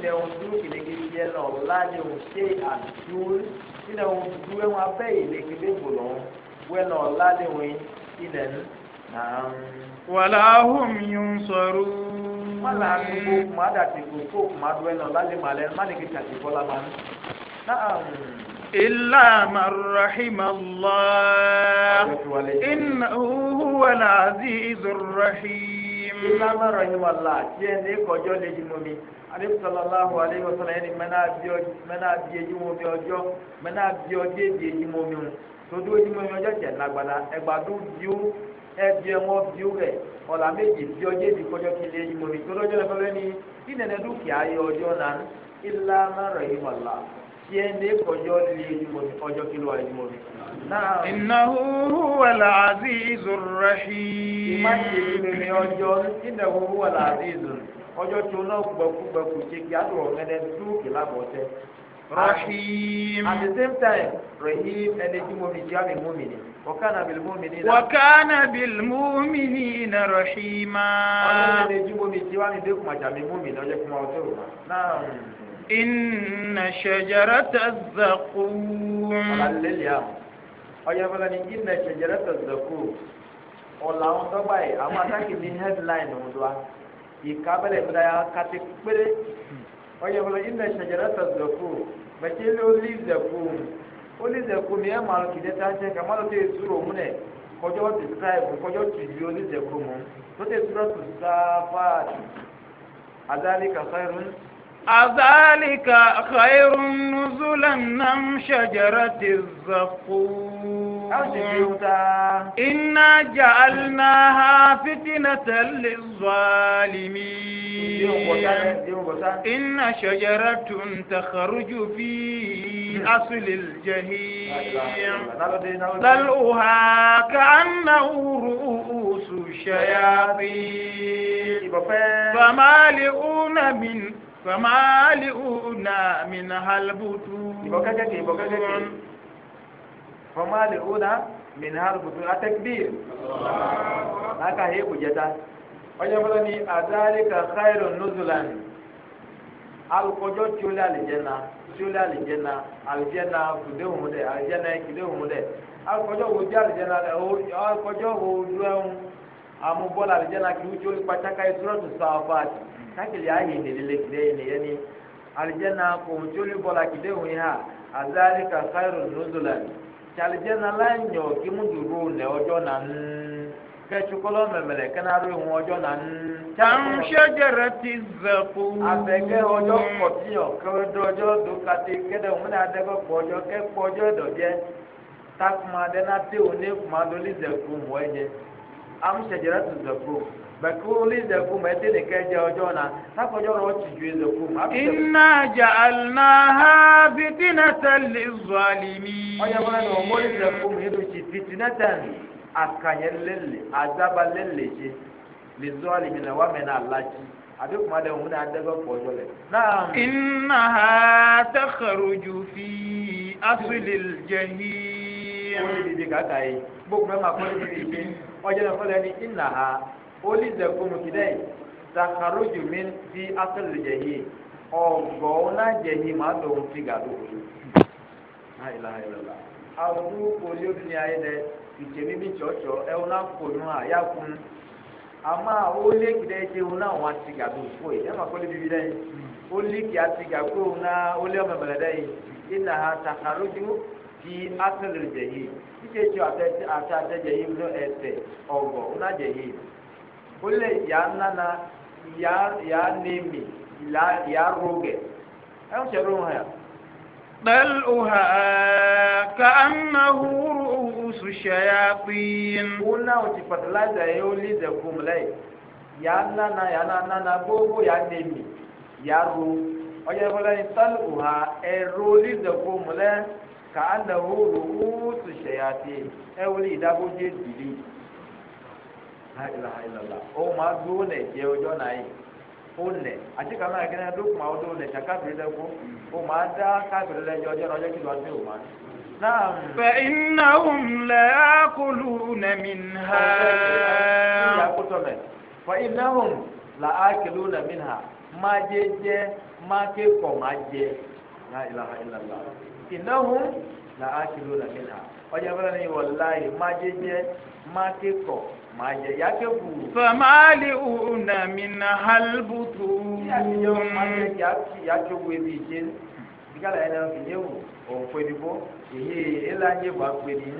ilẹ̀ ohun dúró kìlẹ̀kìlẹ̀ yẹ lọ láàyè ohun ṣe àdúró ilẹ̀ ohun dúró ẹ̀hún abẹ́ ìlẹ̀kìlẹ̀ gbò lọ lọ láàyè ohun ilẹ̀ náà. wàlá ahùn yìí ń sọrọ. wọn là ń kùmà dàtí gbogbo kùmà dúró ẹ̀ lọ láàyè màlẹ́ má ní kí tàbí bọ́lá máa ń. إلا من رحم الله إنه هو العزيز الرحيم إلا من رحم الله aleyhisalalahu aleyhi wa sallam yẹn ni mẹ́nà bí eyi wọn bí ọjọ́ mẹ́nà bí ọjọ́ o tòdú eyi wọn mi ọjọ́ jẹ̀ nàgbàlá ẹgbàdún bíó ẹbí ẹwọn bíó rẹ̀ ọ̀là méjì bí ọjọ́ èdè kọjọ́ kí lé eyi wọn mi tòdú ọjọ́ lẹ́fọ́ lẹ́ni kí nẹ̀nẹ́ dúkìá yẹ ọjọ́ náà ilá mẹ́rẹ̀ yìí wọ̀ la tí ẹ lé kọjọ́ lé eyi Innahu huwal azizur rahim. Ìmáyé mi ọjọ́ innahu huwal azizur rahim ọjọ́ tí wọn náà gbẹkúgbẹkú ṣe kí adùrọ̀ ẹni dúró kìlá bọ̀ rahim at the same time rahim ẹni tí mo fi jẹ́ àmì mú mi ni wakana bilimu mi ni. wakana bilimu mi ni na rahima. ọjọ́ ẹni tí mo fi jẹ́ àmì dẹ́kun àjà mi mú mi ni ọjọ́ kuma ọtọ́ rẹ̀ náà. inna shajarata zakum. alẹ́ lè àwọn ọjọ́ fọlá ni inna shajarata zakum ọ̀làwọn tọ́gbà yìí àwọn atákì headline ọ̀dọ́ ikabele bla ya kati kpere oye bla inna shajarata zaku bakele oli zaku oli zaku mi amal kide ta che kamalo te zuro mune kojo describe kojo tiji oli zaku mu to te zuro tu safa adalika khairun أذلك خير نزلا أم شجرة الزقوم إنا جعلناها فتنة للظالمين إن شجرة تخرج في أصل الجحيم طلعها كأنه رؤوس الشياطين فمالئون من famaali una mina halbutu. ìbọn kékeré ìbọn kékeré famaali una mina halbutu atakbir. n'aka he kò jẹta. ọjọ́ fọlọ́ ni azalika khairu nuzulan. alukọjọ tí o lé alìjẹna tí o lé alìjẹna alìjẹna kùdéhùn dẹ alìjẹna kùdéhùn dẹ alukɔjɔ wo di alijana lɛ o wo do ɛŋu amubɔla alijana kiri wotsi woli kpatsaka yi srɔtu safa ti kakili ayi helile kide ne yani aljanna ko mutuli bola kide woni ha azalika khairun nuzulan aljanna la nyo kimuduru ne ojo na kẹtukọlọ mẹmẹlẹ kẹnaru ìwọn na ń. tàn ọjọ kọtíyàn kẹwẹdọ ọjọ dùkàtì kẹdẹ de na one kuma ti zẹkù. إنا جعلناها فتنة للظالمين akanyelele azabaleleje lizoalimina wamena alaji àbí kùmà dẹ̀ òun náà dẹ́gbẹ́ pọ̀ ọjọ́ lẹ̀. iná ha tẹ́kẹ̀rọ̀jù fi asúlẹ̀ jẹ̀hí. wọ́n lè dìde kàkà yìí gbogbo mẹ́ma kọ́ lè dìde ọjọ́ náà fọ́lẹ́ ní iná ha oli zakumu kidai takharuju min fi awu oli mi tsọ̀tsọ̀ ẹ̀wọ̀n náà kò nù à yà kún àmà olè kìdá ẹ̀jẹ̀ wọn náà wọn ti gàdó fò yìí kọ́lé bíbí dẹ́ yìí kì á ti wọn náà olè ọmọ ẹ̀mẹ̀lẹ̀ dẹ́ yìí ìnà ha yìí ọ̀gọ̀ kule ya nana ya ya nemi la ya roge ayo se roge haya bal uha ka annahu ru'usu shayatin una uti fertilizer yo lize kumlai ya nana ya nana na gogo ya nemi ya ro oye bola ni tal uha e ro lize kumlai ka annahu ru'usu shayatin e wuli dago je dili láìla ìlàlà ó máa dúró nẹ̀ jẹ́ ọjọ́ náà yìí ó nẹ̀ àti kàmá ìkíni ẹ̀dókùn máa dúró nẹ̀ ṣàkàbìrì lẹ́kọ́ ó máa dá kábìrì lẹ́jọ́ ọjọ́ náà ọjọ́ kìlọ̀ ọdún yóò máa. فإنهم لا يأكلون منها فإنهم لا يأكلون منها ما جيجي ما كيكو ما جي لا إله إلا الله إنهم لا يأكلون منها ọjọ́ ìbára ni wọ́n láàyè má jẹ́jẹ́ má kékọ̀ọ́ maje yake ku famali una min halbutu yo maje yake yake ku bi je digala ina fi yewu o fo di bo ehe ela nye ba pe ni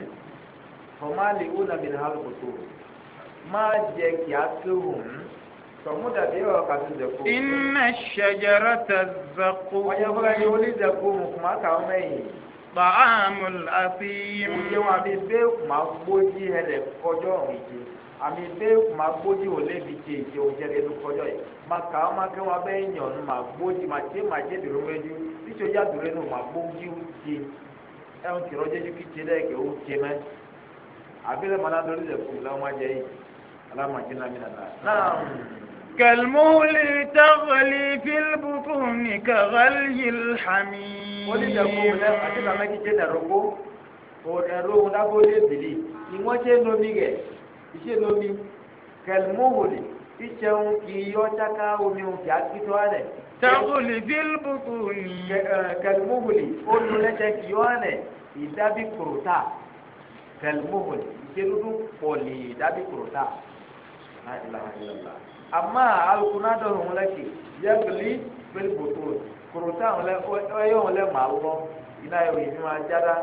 famali una min halbutu maje yake ku tọmúdà bí ọ kà ti zẹkú. iná ṣẹjẹrẹ tẹ zẹkú. wọ́n yẹ fọlá ní olú zẹkú kùmà kàwọn mẹ́yìn. bàámu àfihàn. ó yẹ wọn àbí bẹ́ẹ̀ kùmà àmì pé màá gbódì ò lébi tse tse ò jẹ́ ẹnu yìí màá kà á má kẹ́ wọn abẹ́ yàn nù màá gbódì màá tse màá jẹ́ dùrú mẹ́jú títí ọjà dùrú nù màá gbódì ò ẹ̀hún tì rọ́jẹ́ ju kí tse dẹ́ kẹ́ ó tse mẹ́ àbí màá lórí lẹ́ kù lọ́wọ́ má jẹ́ yìí alámàjẹ́ nàmi nàná. كالمهل تغلي في البطون كغلي الحميم. قولي تقول لك أكيد أنا كي جدا ربو ìṣèlú omi kẹlmóhùlì ìṣẹ̀hún kì í yọ ṣáká omi òun kì alẹ̀. tẹ́kùlì bílbùkù ni. kẹlmóhùlì olùlẹ́sẹ̀ kì yọ alẹ̀ ìdábì kòròtà kẹlmóhùlì ìṣèlú pọ̀lì ìdábì kòròtà. àmọ́ alùpùpù náà dọ̀rọ̀ òun lẹ́kì yẹ́gìlì bílbùkù kòròtà ẹ̀yọ̀ òun lẹ́ màá wọ́ iná ẹ̀rọ ìfimá jáda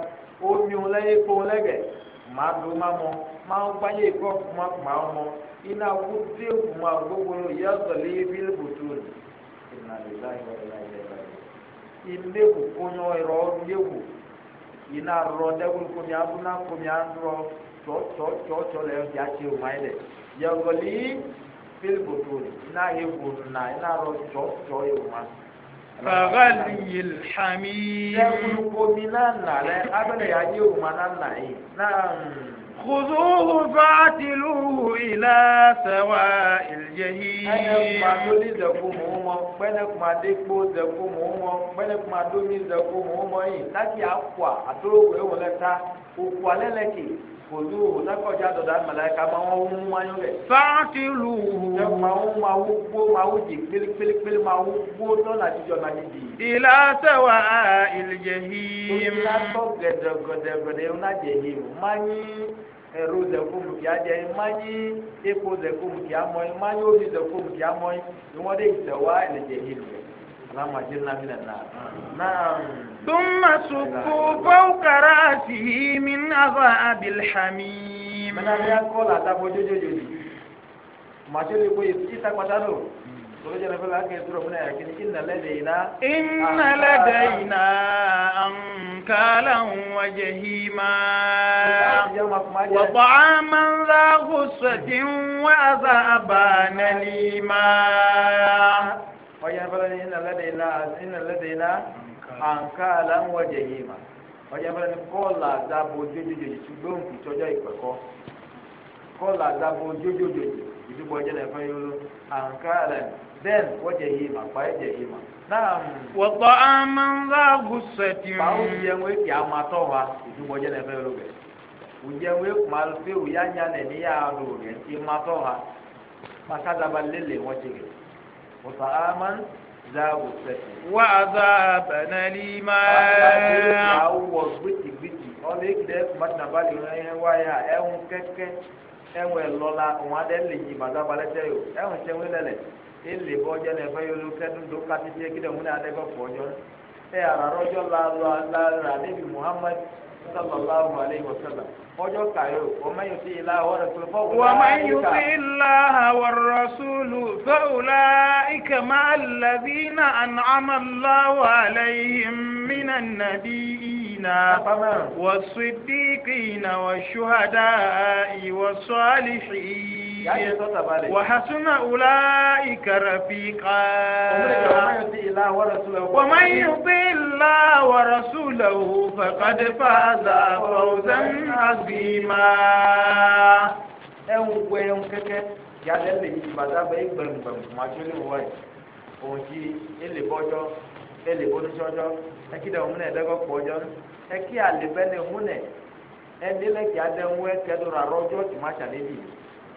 ó ní òun máa ń wáyé ikọ́ kuma kuma mọ́ iná kuma gbogbo yẹ sọ̀lẹ́ bílí bùtù ní ìlànà ìlànà ìlànà ìlànà ilé kò kóyọ ẹ̀rọ léwu iná rọ dẹ́kun kómi abúlá kómi arọ tọ́tọ́tọ́tọ́ lẹ́ yà tse o máa yẹ dẹ̀ ọzọ sọ̀lẹ́ bùtù iná nà iná rọ yẹ náà nà lẹ́ abẹ́lẹ̀ yà yẹ nà yìí náà. kùdúhù fàtìlúhù ìlà sẹwà ìlìyẹyì. ẹnẹ kuma lórí zẹkú mò ń mọ gbẹnẹ kuma dégbò zẹkú mò ń mọ gbẹnẹ kuma domi zẹkú mò ń mọ yìí láti àkùà àtúrò wẹwọlẹ ta òkùà lẹlẹkì kòlú lakọjá dọdọ amalaka ma wọn ń wá yọ bẹ. fáàkì lù. ẹ ma ń ma wó gbó ma wó di pélepélepéle ma wó gbó dọ́là jíjọ ma di di. ìlà sẹ́wà ìlìjẹ̀hìm. ìlà tó gẹ̀dẹ̀gẹ̀dẹ̀gẹ̀dẹ̀ ń lájẹ̀ yìí o má ní ẹ̀rọ zẹ̀kùmù kìá jẹ ẹ má epo zẹ̀kùmù kìá mọ́ ẹ má ní omi zẹ̀kùmù kìá mọ́ ẹ ni wọ́n dé ìsẹ̀wà ìlìjẹ̀hìm rẹ̀ ثم صبوا فوق رأسه من عذاب الحميم من يقول هذا بوجوجوجو ما شلي كوي يتقبلوا إن لدينا أنكالا وجهيما وطعاما ذا غصة وعذابا أليما إن لدينا إن لدينا àǹkàlà ń wọ̀jẹ̀ yìí mà ọjà fẹ́rẹ́ ní kọ́ọ̀là àdàbò jójójòjì ṣùgbọ́n òǹkì tọ́jọ́ ìpẹ́kọ́ kọ́ọ̀là àdàbò jójójòjì ìdúgbò ọjọ́ náà fẹ́ yọlọ àǹkàlà bẹ́ẹ̀ wọ́jẹ̀ yìí mà yìí mà. wọ́pọ̀ máa wọ́n ti za wụsịrị. Wa'aza banalima. Awọ gbitigbiti ọla ekele kumati n'abalị ihe waya ẹhụ keke ẹhụ ẹlọla ọmọ adé le nyi bàtà balẹ̀ tẹ yò ẹhụ tẹ wọlé na ele bọ ọjọ n'ẹfẹ yọlọ kẹdùn tó katitẹ kí lẹmu n'adé ọjọ ẹ ararọjọ la la la la muhammad. sallallahu alayhi wa sallam ọjọ́ kàyọ́ ọmọ yóò sí ilá ọ̀rọ̀ tó fọ́ wùlá ìka. wàmọ̀ yóò sí ilá àwọn rasúlù fẹ́ùlá ìkà máa làbí na ànàmà láwà aláìhìm mínà nàbí ìnà wàsùdíkì ìnà wàṣúhàdá ìwàsọ́àlìṣì. وحسن أولئك رفيقا ومن يطع الله ورسوله فقد فاز فوزا عظيما ẹ̀hún wo ẹ̀hún kẹ́kẹ́ yà lẹ́lẹ̀ yìí bàtà bẹ́ẹ̀ gbẹ̀ngbẹ̀ng màtí ó lè wọ̀ ẹ̀ òun ti ẹlẹ́ omume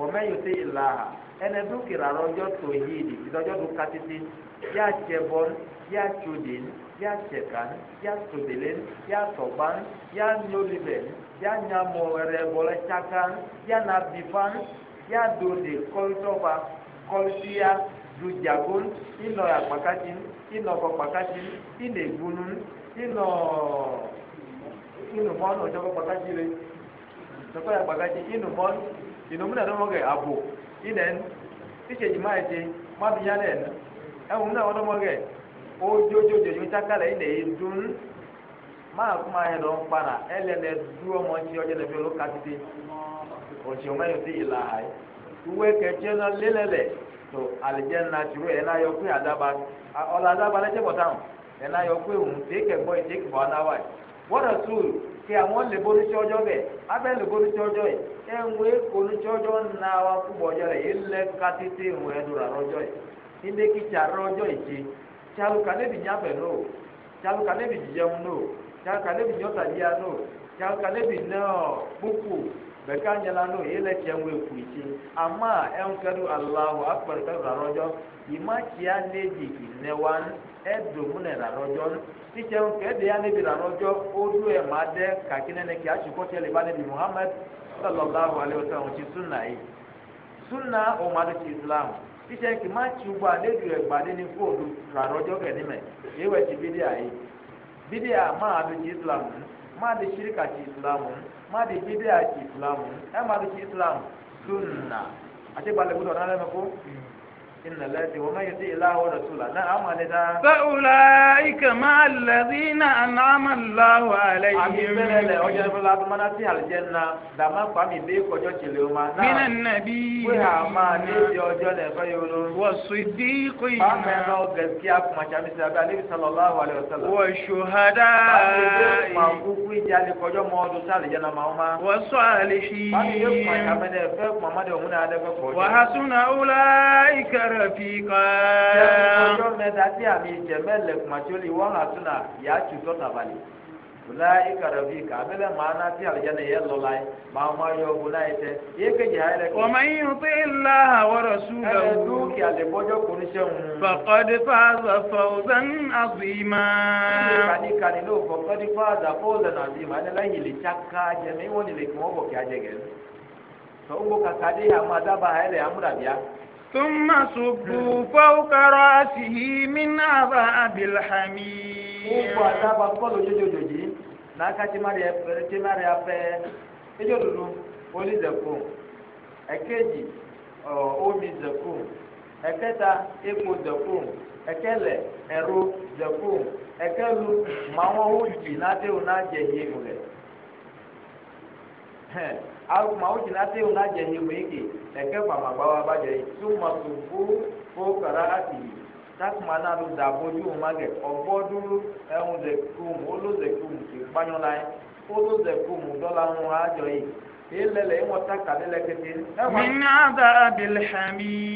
wọ́mẹ́ yóò ṣe ìlàhà ẹnẹ dúkìrà lọ́jọ́ tó yìí di ìdọ́jọ́ tó katiti yá jẹ bọ́n yá tsodin yá tsẹ̀kan yá tsodelen yá tọ̀gbán yá nyolibẹ̀ yá nyamọ rẹ bọ́lẹ̀ tsakan yá nabifan yá dòde kọ́lítọ́ba kọ́lítíya dudzagon inọ akpakati inọ kɔkpakati inọ egbunu inọ inumɔnu tsɔ kɔkpakati le tsɔ kɔkpakati inumɔnu. inomuna do moge abo inen tije jima eje ma bi yana en ewu na wodo moge o jojo jojo ta kala ine idun ma kuma ya do para ele ne duo mo ti oje ne bi lo katite o ti o mayo ti ila ai uwe ke je na lelele to aljanna juru ena yo ku adaba ola adaba le je botan ena yo ku un te ke boy te ke bo na wa wọ́n tù tí àwọn lè borí tí ọjọ́ bẹ̀ abẹ́ lè borí tí ọjọ́ yìí ẹ̀ ń tí ọjọ́ na wa kúbọ̀ ọjọ́ rẹ̀ yìí lẹ́ ká títí ìwọ̀n ẹ̀ dùrà rọ́jọ́ yìí ilé kíkya rọ́jọ́ yìí tsi tsaluka tsaluka tsaluka nyọ́tàdíya tsaluka bẹ̀ka nyala nù ilẹ̀ tiẹ̀ ń wé kùtì àmà ẹ̀ ń kẹ́rù aláwọ̀ akpẹ̀rẹ̀kẹ́ ràrọ́jọ́ ìmá tiẹ̀ anéjì ìnẹ̀wà ẹ̀dùnmúnẹ̀ ràrọ́jọ́ títẹ̀ ń kẹ́dẹ̀ anébi ràrọ́jọ́ ó dú ẹ̀ má dẹ́ kàkínẹ́ ní kí aṣèkọ́tì ẹ̀lẹ́bá níbi muhammed sallallahu alayhi wa sallam ti sunna sunna ti islam ti ma da shirka ci islamu ma da bid'a ci islamu ai ma da ci islam sunna a ce ba da gudu na ko إن الذي ومن يطيع الله ورسوله نعم لنا فأولئك مع الذين أنعم الله عليهم من النبي والصديقين والشهداء والصالحين وحسن أولئك rọ̀fíkà. ọjọ́ mẹ́ta tí àmì ìjẹ̀mẹ́lẹ̀ kùmàtsoli wọ́n hàn tún náà yà á tù sọ́tà balẹ̀. bùnà ìkàrọ̀fíkà abẹ́lẹ̀ màá ná tí àlùjáde yẹ lọ láyé màá má yọ bùnà yẹ tẹ yé kejì ayé lẹ. ọmọ yìí ń pè ńlá àwọ̀rọ̀ súnlẹ̀ wò. ẹ dúkì àlebọ́jọ́ kò ní sẹ́wọ̀n. fọkọ́dé fáza fọ́ọ̀zán àzìmá. kàní kàní ló fọkọ́dé fáza fọ́ọ̀zán àzìmá ثم صبوا فوق رأسه من عذاب الحميم n'aka tìmárì afẹ́ ẹjọ́ dúdú olí zẹ̀kùn ẹ̀kẹ́jì omi zẹ̀kùn ẹ̀kẹ́ta epo zẹ̀kùn ẹ̀kẹ́lẹ̀ ẹ̀rọ zẹ̀kùn ẹ̀kẹ́lu màwọn ó jì náà tẹ́wọ́ yé mu awo eh, eh, eh, ma ọ dzina se wo na dze nyi mui ke teke gbama gbawo aba dze tu ma tu fo kara ati takuma na do da boju wo ma ge ɔgbɔ do ɛŋu ze kum olo ze kum ti kpanyo la yi olo ze kum dɔla ŋu adzɔ yi le taka abili na ti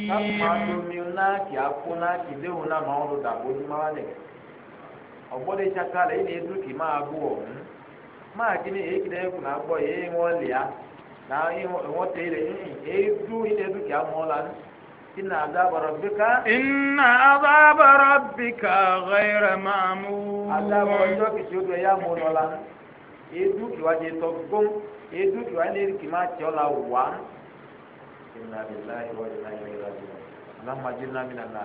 na ma wo do da boju ma wa ne ɔgbɔ de tsaka le ma na iwon tere ni ezu ile dukiya mola ni edu kí wá jẹ tọgbọn edu kí wá lè kí máa tẹ ọ la wá. ìnà àbíláyé wọ́n ìnà ìlú ìlú àdúrà alámàjì ńlá mi nàná.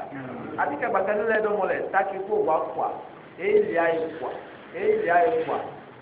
àbíkẹ́ bàtà nílẹ̀ dọ́mọlẹ̀ tákì kó wá kwà èyí lè ayé kwà èyí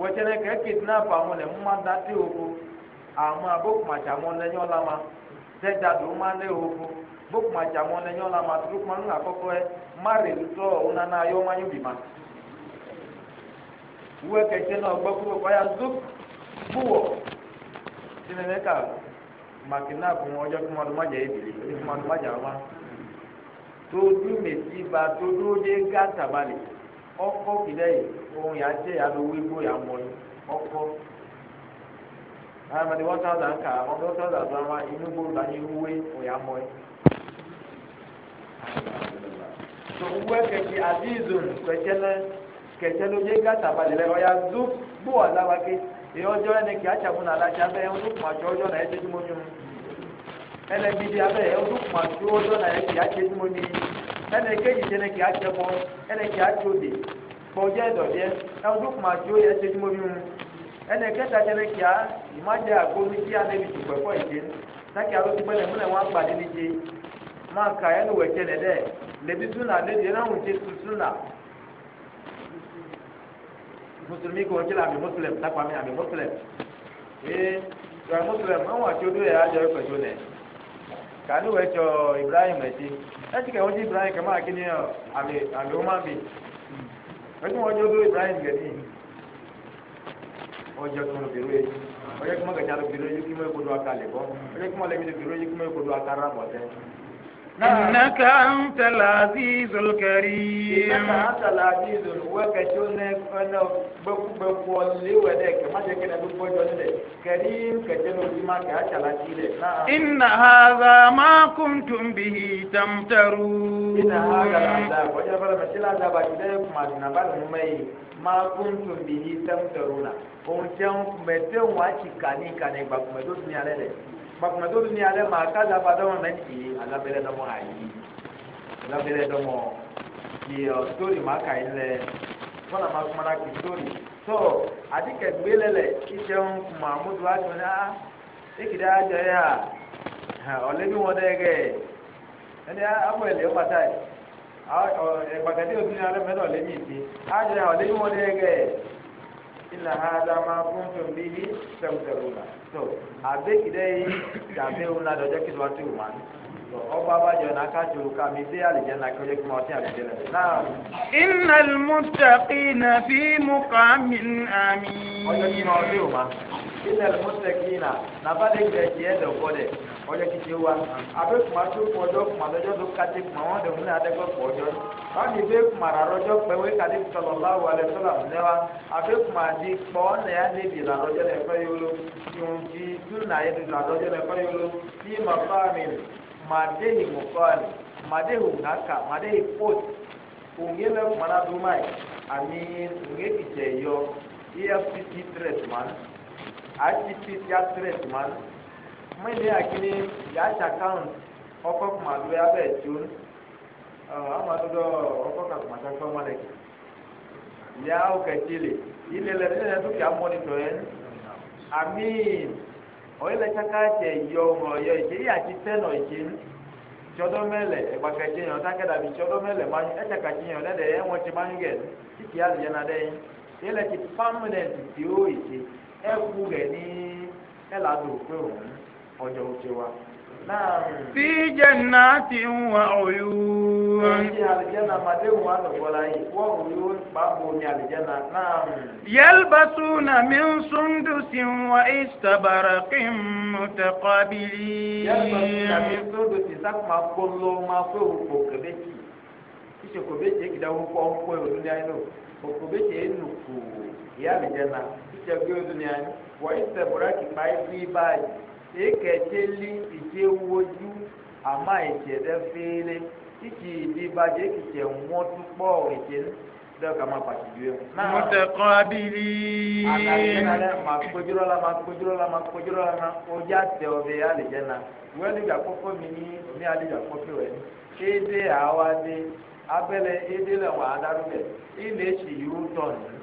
Wetere ka e kidnap àwọn ẹ̀ mma da tẹ́ oko àmọ́ abókùmàtsà mọ́ lẹ́yìn ọ̀la ma dẹ́dà dò má lẹ́ oko bókùmàtsà mọ́ lẹ́yìn ọ̀la ma tó kuma ńlá kọ́kọ́ ẹ má rè lùtọ́ ọ̀nàna ayọ́ ma. wúwẹ́ kẹ̀kẹ́ náà gbọ́ ya zó e ba gata ba. ọkọ kìlẹ̀ yìí ohun yà jẹ́ yà ló wí gbó yà mọ̀ yìí ọkọ. àmàlí wọ́n sáwọ́dà ń kà wọ́n bẹ́ sáwọ́dà tó wá inú gbó la yìí wé ohun yà mọ̀ yìí. tó ń kẹ̀kẹ́ àdìzò kẹ̀kẹ́ lẹ́ kẹ̀kẹ́ ló yé gàtà balẹ̀ lẹ́ ọ̀yà èyí ọjọ́ ẹni kì bẹ́ẹ̀ dúkùn àjọ ọjọ́ ẹnì kejì ẹnì kìí àjẹ mọ ẹnì kìí àjẹ òde kpọjẹ ẹdọdẹ ẹwọdún kùmà tí ó yẹ ẹsẹ tí mo bí mu ẹnì kẹta ẹnì kìí ìmájẹ àgbo mi tí anẹbi ti pẹpọ ìdè sákì aló ti gbẹlẹ múlẹ wọn apàdé ní dze máa ka ẹnu wẹ tẹ nẹ dẹ lẹbi súnà lẹbi ẹnáwó tẹ súnà mùsùlùmí kò ń tẹ àmì mùsùlùm sápàmì àmì mùsùlùm ee ìwà mùsùlùm àwọn kani wo etso ibrahim eti eti ke wodzi ibrahim kama akini ɔ ami ami woma bi eti wodzi wodo ibrahim gɛdi wodzi ɔtɔ no biro e. yi wodzi kuma gɛdi alo biro e, yi e kuma ekodo aka le bɔ wodzi kuma le mi do biro yi kuma ekodo aka ra bɔ إنك أنت العزيز الكريم إنك أنت العزيز وكتونك أنا بقولي ودك ما جكنا بقولي كريم كتنو بما كأشلا إن هذا ما كنتم به تمترون إن هذا العذاب وجبر مثل عذاب أجدائكم عزنا بالممي ما كنتم به تمترون ohun tí wọn mẹtẹ wọn á ti kà ní ìkànnì ìgbàgbọmọdé ó ti ní alẹ lẹ bàtùmá tó ní alẹ́ máa kájà fadọ́mọ mẹ́tì alábẹ́rẹ́ dọ́mọ àyè alábẹ́rẹ́ dọ́mọ ti ọ sórí máa kà yín lẹ fọlá máa kumana kì sórí tó àdìkẹ̀gbé lẹ́lẹ̀ ìṣẹ́hun kùmà múdu àjọ ní á èkìdá àjọ yà ọ̀lẹ́bí wọn dẹ́gẹ̀ ẹni abọ́ ẹ̀lẹ́ pátá ẹ̀ gbàgádé òbí ní alẹ́ mẹ́lẹ́ ọ̀lẹ́bí ìdí àjọ yà ọ̀lẹ́bí wọn dẹ́gẹ̀ inna hada ma kuntum bihi tamtaruna so abe kidai dabe una dojo kidu ati uma so oba ba jo naka ju ka mi de aljanna ko je kuma ati aljanna na innal muttaqina fi muqamin amin ojo ki ma o de ilẹ̀ lọ́sẹ̀ kìínà nàbà lè gbẹ̀ jẹ́ ẹ̀dọ̀ fọ́dẹ̀ ọjọ́ kìí ṣe wa àbẹ kùmà tó fọjọ́ kùmà lọ́jọ́ tó kàdé kùmà wọn lè múlẹ̀ adẹ́gbẹ́ fọjọ́ báyìí bẹ́ẹ̀ kùmà rárọ́jọ́ pẹ̀wé kàdé sọlọ̀ báwo alẹ́ sọlọ̀ àmúlẹ́wà àbẹ kùmà di kpọ́ ungele kumana dumai amin ungekijeyo iya fiti tres mana ashi uh, fit ya stress man mai da akini ya ta count ọkọ kuma do ya tun ama do ọkọ ka kuma ta kọ mọlẹ ya o ka tile ile lẹ ne yẹn to mọnitọ yẹn kaka tẹ yọ ọmọ yọ ìṣe yà ti tẹnọ ìṣe tsɔdɔ mɛlɛ ɛgbaka tsi yɔ take dabi tsɔdɔ mɛlɛ ma tsi n'ɛdɛ tsi ma titi ẹ̀kú rẹ̀ ní ẹ̀làdò pé òun ọjọ́ òjò wa. Bí jẹ̀nà ti ń wọ òyù. Ẹ̀jẹ̀ àlìjẹ́nà Màdé wà lọ́wọ́lá yìí, wọ́n òyù pàbò ní àlìjẹ́nà náà. Yẹ́lbàtú na mi ń súndù sí wa ìsàbàrà kí n mú tẹ̀kọ́ abìlí. Yẹ́lbàtú na mi ń súndù sí sákùmá kpọ́lọ́ máa fẹ́ òkò kẹ̀bẹ́kì. Ìṣèkò bẹ́ẹ̀ jẹ́ kìdáwó kọ́ ọ́n ní ayélujára. Òkò bẹ́ẹ̀ jẹ́ ẹnu ya mi jẹ náà ìjẹ bí oṣù ni àná wọ́n ìṣe bùrákì pa é bí báyìí èkè tẹ lé ìṣe wojú àmọ́ ìṣe rẹ fẹ́ẹ́lẹ́ títí ìdí bàjẹ́ ìṣe wọ́n tún pọ̀ ìṣe dọ́kà máa pàṣẹ ju ẹ̀. mo tẹ̀kọ́ abili. àkàtúntà wọ́n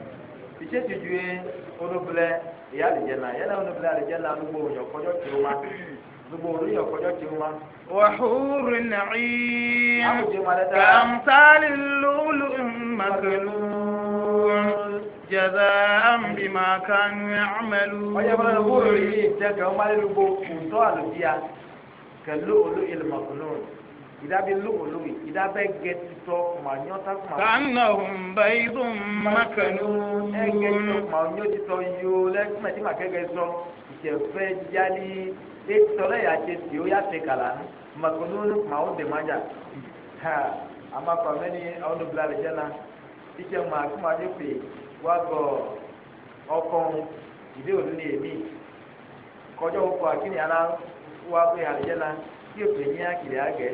tìṣẹ́tì ju e, onubilẹ̀ ìyá àlìjẹ́nà yẹ́nà onubilẹ̀ àlìjẹ́nà gbogbo òyìn ọ̀kọ́jọ́ tì wá gbogbo òyìn ọ̀kọ́jọ́ tì wá. wàhúrì nàcín kàmtàlì lólu màkàlù jẹ̀dá àmbìmá kanu àmàlù. ọ̀yẹ́ fọlá ló wúrò yìí jẹ́ kẹ́ ọ́ máa lé lóko àlùbíyà kẹ́lú olú ìlú ìdá bíi lówólówì ìdá bẹ́ẹ̀ gẹ titọ́ kùmà nyọ́ tá kùmà. kàánà òǹbà ibò mákànú. ẹ gẹ titọ́ kùmà nyọ́ titọ́ yó lẹ́gbẹ̀ẹ́ tí màá kẹ́kẹ́ sọ ìjẹ̀fẹ́ jáde ẹ tọ́lẹ̀ yà tẹ tì ó yà tẹ kàlà ní màkànú kùmà ó dè májà. àmà fàmẹ́ ni àwọn obìnrin àlẹ́ jẹ́nà ìjẹ́ màá kùmà ní pè wá gọ ọkàn ìdí òní ni èmi kọjọ́ òkú àkínní wá pé àlẹ́ jẹ́nà kí èpè ní àkìlẹ̀ àgẹ́.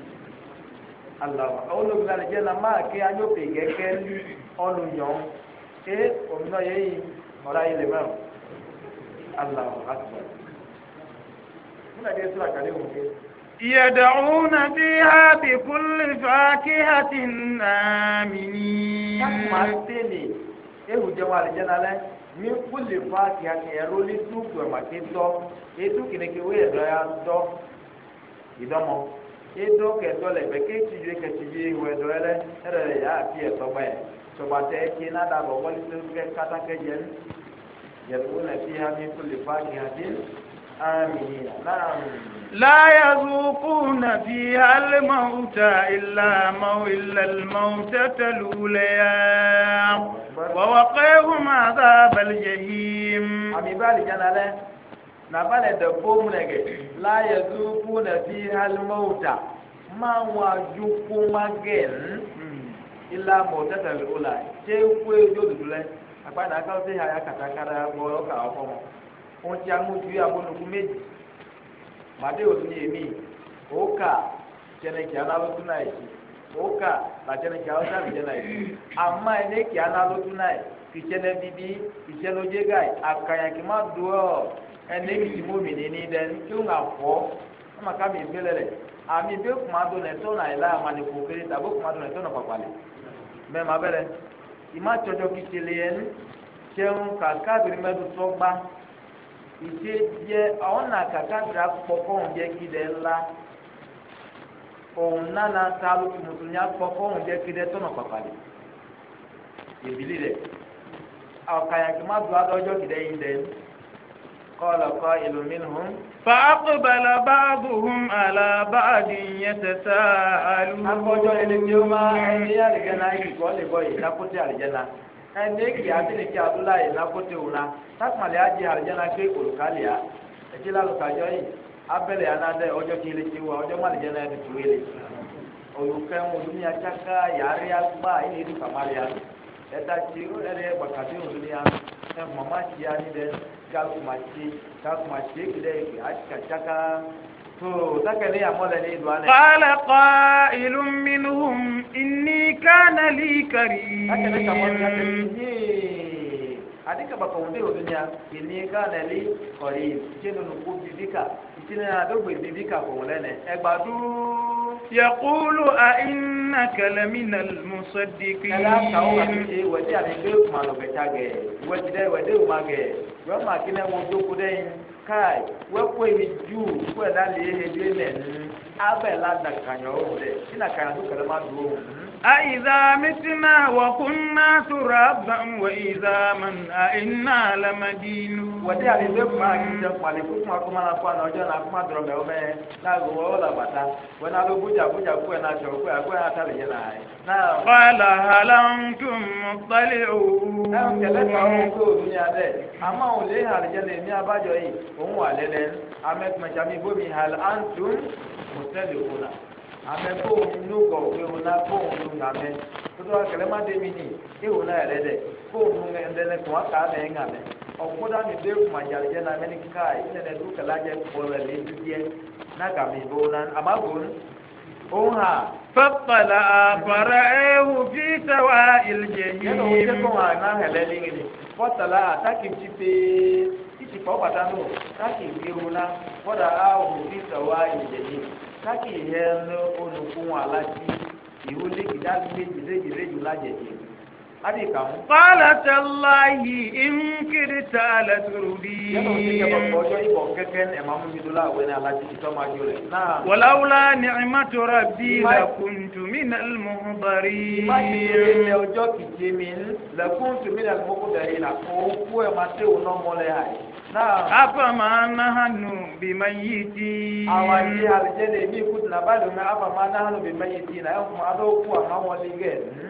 alawa olóògbé alẹ jẹ la máa ké anyókè gẹgẹ ọnu yọm ké òmìnira yẹ yìí ọ̀rá yìí lè mọ̀ alawa àtúwà múnà dé sọ́ra kàdé wò ké. يدعون فيها بكل فاكهة آمنين. من مرتين إيه جوال جنالة min kuli faakiya ni ɛro li duku ɛma edo kẹtọ lẹ bẹ k'etsi dzo k'etsi dzo wẹ dọ yẹ lẹ ẹrẹ lẹ yà fi ẹtọ gbẹ tọgba tẹ eke n'ada bọ wọli tó kẹ kata kẹ dze nu yẹtò lẹ fi hami tó lè fa yi hadi ami naam. láyà zukú nàfi alimawuta ilà mawu ilà mawuta tẹlulẹ̀yà wàwàkẹ́ hùmà sábàlì yẹ yìí. àmì bá àlìjáná lẹ nabale da fomu nege la ya zufu na fi halmauta ma wa juku magen hmm, ila mauta ta lula ce kwe jo dudule akpa na aka ose ha ya katakara gboro ka ọkọ mọ ohun tí a mú ju ya bó nukú méjì màdé òtún ní èmi òkà jẹnẹkì alálótú náà yìí òkà làjẹnẹkì alálótú náà jẹnà yìí àmà ẹnẹkì alálótú náà kìtsẹnẹ bíbí kìtsẹnẹ ojégà àkànyàkì má dùn ọ ene mi mo mi ni ni den ti o ŋa fɔ ama ka mi gbele lɛ ami be kuma do ne tɔ na ila ama ne ko kele ta kuma do ne tɔ na papa le mɛ ma bɛ lɛ ima tsɔtsɔ kitsele yɛ nu tsɛŋu kaka biri mɛ do tɔ gba ìdè yɛ ɔna kaka biri akpɔ kɔn yɛ ki dɛ la òun nana ta alu mùsùlùmí akpɔ kɔn yɛ ki dɛ tɔ na papa le ebili lɛ ɔkayaki ma do adɔjɔ ki قال قائل منهم فأقبل بعضهم على بعض يتساءلون akọjọ ẹlẹgbẹ ọmọ ẹni alìjẹnà ìkọ lè bọ yìí lakọtẹ alìjẹnà ẹni èkì àtẹnìkì àdúrà yìí lakọtẹ òna takmalẹ ajẹ alìjẹnà gbé olùkàlìyà ẹtí lálùkàjọ yìí abẹlẹ anadẹ ọjọ kí ilé ti wà ọjọ mọ alìjẹnà ẹni tó yẹlẹ olùkẹwọn olùmí atsaka yàrá gbà yìí ní ìdí kàmalẹ ẹta tí ó lẹ kakumashi kakumashi kile kiashika chaka قال قائل منهم إني كان لي كريم adika bakaudhi udunya inika nali qarib jenu nukubi dika tini adogbe bibi ka kò wọlé ẹgba dúró. yakulu a ina kalami na musadiki. ẹlẹ kawo ka tètè wẹdi àti gbé kuma lọ gẹ wẹdi dẹ wẹdi o gẹ yọ ma wọn doko dẹ yín káì wẹkọ yìí ju kó ẹdá lè yé hedé lẹ nù abẹ la da kanyọ dẹ tina kanyọ tó kẹlẹ ma dúró o. أإذا متنا وكنا ترابا وإذا من أئنا لمدينون wòtí àti ìgbé kuma akíndé kpali kuma kuma na fún àná ọjọ́ na kuma dọ̀rọ̀ mẹ́wọ́ náà gbogbo ọ̀la bàtà wọ́n náà ló bójà bójà kú ẹ̀ náà sọ̀rọ̀ kú ẹ̀ kú ẹ̀ náà náà yẹ. kọ́lá aláǹtùm kpalẹ̀ òwú. ẹ̀ ń kẹlẹ́ kan ń kó o dúnyà dẹ̀ òun lè hàn àlejò lè ní abájọ yìí òun wà lẹ́lẹ́ amẹ́tìmẹ̀sàmì bómi hàn àǹtùm mọ̀tẹ́lẹ̀ òwú náà kó ohun ní ògbà òwe ohun náà kó ohun ní amẹ tó tó akẹlẹ má dé mi nì ọ̀kúdà mi dé kùmàjàlẹ̀ náà mẹ́ni ká ìnana ẹ̀dùn kàlájà bọ̀rẹ̀ lé na náà gàmì ìbò náà àmàgòrò òun hà. fẹ́pẹ̀lá àbọ̀rẹ̀ ẹ̀hù fi sẹ́wà ìlìjẹ̀ yìí. yẹ́nà òun jẹ́ kóhàn náà hẹ̀lẹ́ nígbìnrin fọ́tàlá àtàkì ti pé títí pọ̀ pàtàkì táàkì ìgbéru náà fọ́dà áhù fi sẹ́wà ìlìjẹ̀ yìí táàkì ìyẹn olùkún alájí ìwúlé ìdá hadi ka mu. qala tallahi in kirta la turudi. yẹ́nà ti kẹ́ bọ̀ ọjọ́ ìbọ̀ kẹ́kẹ́ ní ẹ̀ma mímí dúró àwọn ẹni alájí ìtọ́ máa jó rẹ̀ náà. wàláwùlá ni'matu rabbi lakuntu minal muhdarin. má ti ṣe ilẹ̀ ọjọ́ kìje mi lakuntu minal muhdarin làkó kú ẹ̀ máa tẹ̀wọ̀ náà mọ́lẹ̀ àyè. náà. afama nahanu bimayiti. àwọn àti àlùjẹ́ lè ní ikú tìǹbà lómi afama nahanu bimayiti náà ẹ̀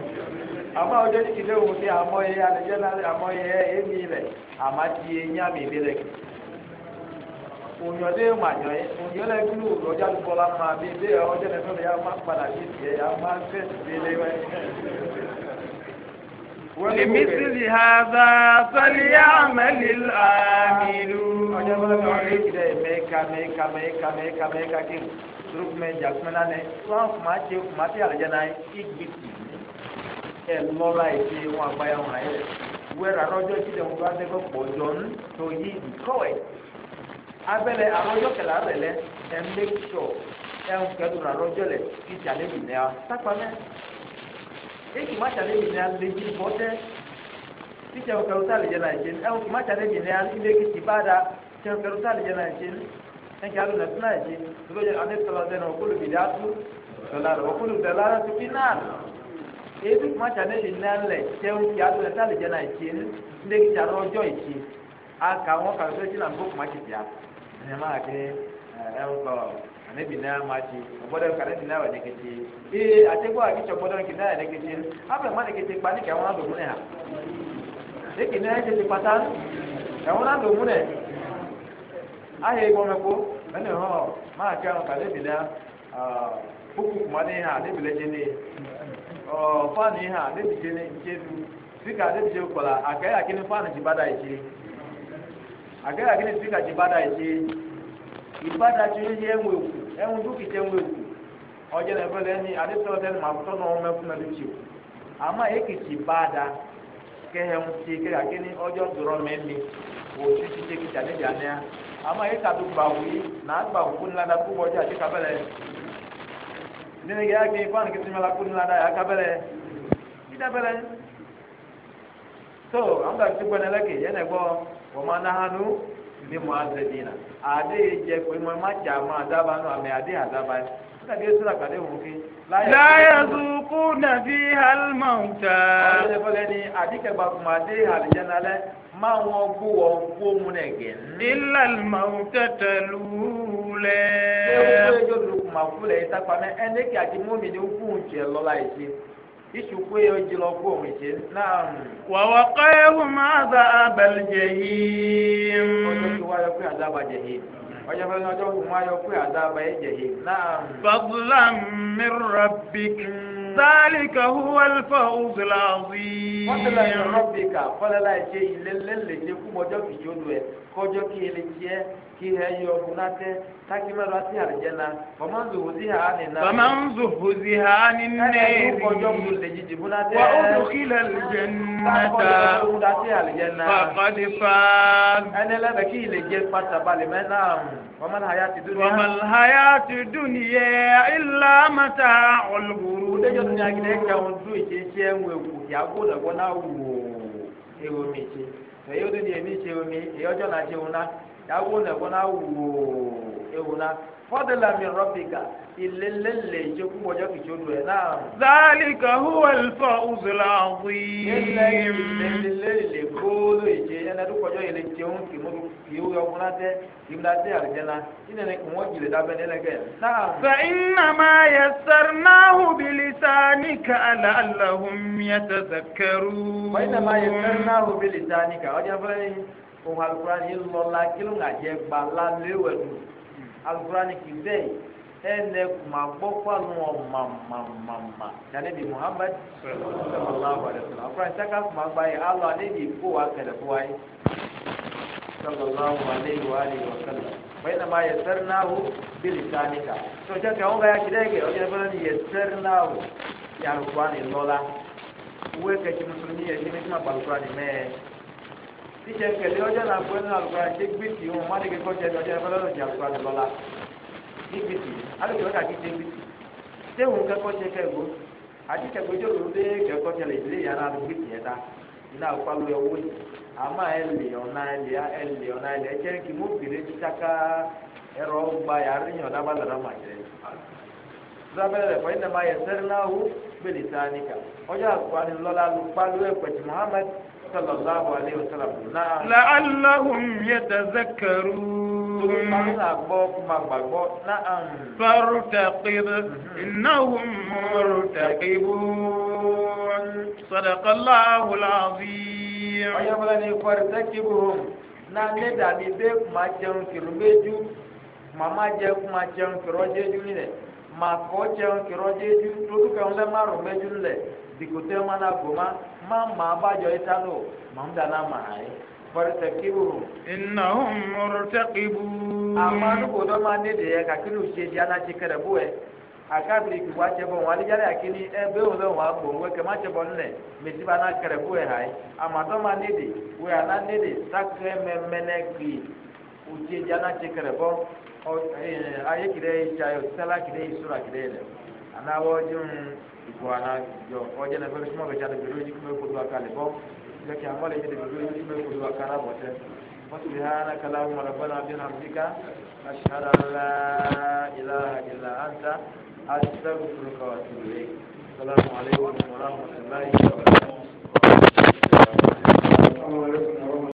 àmọ́ ọjọ́ títí lé òun sí àmọ́ yẹ alẹ́jẹ́ náà àmọ́ yẹ émi rẹ̀ àmọ́ ti yẹ ní àmì mi rẹ̀. ònyọ́dé mànyọ́ yẹ ònyọ́dé gbúlù ọjà lùkọ́ la máa bí bí ọjọ́ náà fẹ́ẹ́ yà má padà bí tiẹ̀ yà má fẹ́ẹ́ bí lé wẹ́. لمثل هذا فليعمل العاملون. ọjọ́ bá lọ rí ìdẹ́ mẹ́ka mẹ́ka mẹ́ka mẹ́ka mẹ́ka kí n turukun ɛlɔla ete wọn agbaya wọn ayɛ wɛrɛ arɔjɔ ti dɛ wọn adɛ kɔ kpɔdzɔn tó yi nkɔɛ abɛlɛ arɔjɔ kɛlɛ abɛlɛ ɛmɛtsɔ ɛnkɛdo na arɔjɔ lɛ kitsa lɛ minɛa takpa mɛ eki ma tsa lɛ minɛa lɛ dzi bɔtɛ kitsa kɛlɛ ta lɛ dze na dze ɛnki ma tsa lɛ minɛa lɛ kitsi ba da kitsa kɛlɛ ta lɛ dze na dze ɛnki alo na tina dze tó bɛ dze ale tɔ la dɛ na okolo bi da ebi kuma tsane li na lɛ tɛwu tsi ato lɛ ta a na etie ne ka so na ŋgo kuma tsi tsia ma ke ɛn kɔ ane bi ma ka ne bi na wɔ ne ke tsi ee na yɛ ne ke ma ne ke kpa ne do ha ne ke na yɛ pata na do ko ɛnɛ hɔ ma ke ka ne bi kuma ne ha ne bi ne. fan ihe a debije nche du spika debije kwala agaghị akịnị fan ji bada echi agaghị akịnị spika ji bada echi ibadachi onye enwe ekwu enwe dukiche enwe ekwu ọjọ na ebele ni adịsọdị ma tọ na ọmụ ekwu mebe chi ama ekichi bada kehe nwuchi ke akịnị ọjọ dụrọ mmemme otu chiche kicha debia na ya ama ịkadụ e gbagwu na agbagwu nlada kwụgbọ ọjọ achịkabele ndene ke yake ifan kitu mala kunla da yakabele kitabele so anga tubana lake yana go wa manahanu bi mu'azzabina ade je ko mo ma chama adaba no ame ade adaba láyà zukú nàbí alimọ̀tà. àwọn ìfọlẹ́ ni àdìkẹ́gbà kùmà dé àlìjẹ́nà lẹ́ máa wọn gbó wọn gbó mu nà gẹ̀. ilà alimọ̀tà tẹ̀lú lẹ̀. ṣé o gbé yóò lu kùmà kú yìí sápá mẹ́ ẹni kí àti mọ́mì ni ó kún un jẹ lọ́la yìí ṣe iṣu kú yóò jí lọ kó òun ṣe náà. wàwà káyọ̀ máa bá abẹ́lẹ̀ jẹ̀ yìí. ọjọ́ tí wáyọ̀ pé àdá bàjẹ́ yìí ọjọ́ fẹ́ lọ́jọ́ kò máa yọ pé àdába ẹ̀jẹ̀ yìí náà. fàbùlà mi rabbik zálìkà huwa alfawzul azim. fọ́tẹ́lá mi rabbika fọ́lẹ́lá ẹ̀jẹ̀ ilé lẹ́lẹ̀ ṣe fún ọjọ́ kìjọ́ lu ẹ̀ kọjọ́ kí ele jẹ́ kihe yogunate takimaro ati aljana faman zuhziha anin nari wa udkhila aljannata faqad faz anela baki le je pata bale menam wamal hayati dunya wamal hayati dunya illa mata'ul ghurur de jo dunya gide ka on du iche che nwe ku ya gola gona wo ewo meche tẹ̀yọ́ tó di èmi ṣe omi èyí ọjọ́ náà ṣe òun ná yàgò nẹ̀kọ́ náà wò ó ewuna fọdùlà mi rọbìgà ìlélẹ́lẹ̀ ìjókòó ọjọ́ kìjọ́dù ẹ̀ náà. zálìkà huwa ìfọ òzòlà àwìn. ìlélẹ́lẹ̀ gbóòlò ìjẹ ẹnẹdúkọjọ́ ilé jẹun kì mú kì í yọ fúnra tẹ kì í láti àrùjẹna kí nìyẹn kì wọ́n jìlẹ̀ dábẹ́ nílẹ̀kẹ́ náà. iná máa yẹ sẹ́rnáhù bìlísà níkà aláàlàhùn yẹtẹ sẹkẹrù. fa iná máa alukurani kìbẹ́ ẹnẹ kuma gbọ́ kwanu ọ̀màmàmàmà nanabi muhammad sallallahu alaihi wa sallam alukurani saka kuma gba yi alu anabi kó wa kẹlẹ kó wa yi sallallahu alaihi wa alayhi wa sallam bẹ́ẹ̀ni ma yẹ sẹ́rìnàwó bílí sáníkà tó jẹ́ kí àwọn bá yà kí dẹ́gẹ̀ ọjọ́ ìfẹ́ ni yẹ sẹ́rìnàwó yà alukurani lọ́la wúwẹ́ kẹ́kí musulmi yẹ kí ní kí ma pa alukurani mẹ́ẹ̀ẹ́. tíṣe kẹlẹ ọjọ́ náà fún ẹnu àlùkòrò àti gbèsè òun má nígbè kọ́ jẹ́nu ọjọ́ náà lọ́dọ̀ jàǹkó àlùbọ́lá ní gbèsè alùpùpù náà kì í ṣe gbèsè ṣé òun kẹ́kọ́ ṣe kẹ́gbó àti kẹ́gbójó ló dé kẹ́kọ́ ṣẹlẹ̀ ìdílé yàrá ló gbèsè yẹn dá iná àwòkálù ẹ̀ wọ́n àmà ẹ̀lẹ̀ ọ̀nà ẹ̀lẹ̀ ẹ̀lẹ̀ ọ̀nà ẹ̀lẹ̀ ẹ̀jẹ̀ kì mú bèrè tíṣàká ẹ̀rọ gba yàrá yàn dábàá lọ́dọ̀ mà jẹ́ sábẹ́ rẹ̀ fọ́ iná máa yẹ sẹ́rìnláwó gbèlè sáníkà ọjọ́ àkùkọ anilọ́lá lu pálọ́ ẹ̀pẹ̀tì muhammed صلى الله عليه وسلم لعلهم يتذكرون فارتقب mm-hmm. إنهم مرتقبون صدق الله العظيم أيها فارتقبهم nane dàbí bẹ́ẹ̀ kuma jẹun kìrò méjú màmá jẹ kuma jẹun kìrò jẹjú nílẹ̀ màkọ́ jẹun kìrò jẹjú lórúkọ ńlẹ́ márùn-ún méjú nílẹ̀ dìkòtẹ́ mọ́nà gòmá má má bájọ ìtàló má ń dáná màá yẹ fọrẹsẹ kíbu. iná mọ̀rọ̀tẹ́ kíbu. àmọ́ alùpùpù máa ń dédé yẹ kàkínú ṣe di aláṣẹ kẹrẹ bú ẹ akabili kibu atsɛbɔ wọn alijali akini ɛbɛ eh, wọn lɛ wọn agbɔ wọn kɛmɛ atsɛbɔ nílɛ meti ba n'akɛrɛ bu ɛha yi amadɔ ma nede ya na nede sakɛ mɛmɛnɛ gli utse dza n'atsi kɛrɛ bɔ ɔ ɛɛ eh, ayé kele yi tsa yɔ sɛla kele yi sora kele yi lɛ wana jɔ ɔjɛ na fɛn sumaworo jaa dɛmɛ lóyún kí mɛ kodo a kan lè bɔ lɛkɛ a mɔlɛ jɛ dɛmɛ lóyún kí mɛ kodo a kan na bɔ tɛ wasu bi hana kala mɔlɛ bana bi na bi ka ashahada la ilaha illa anta astaghfiruka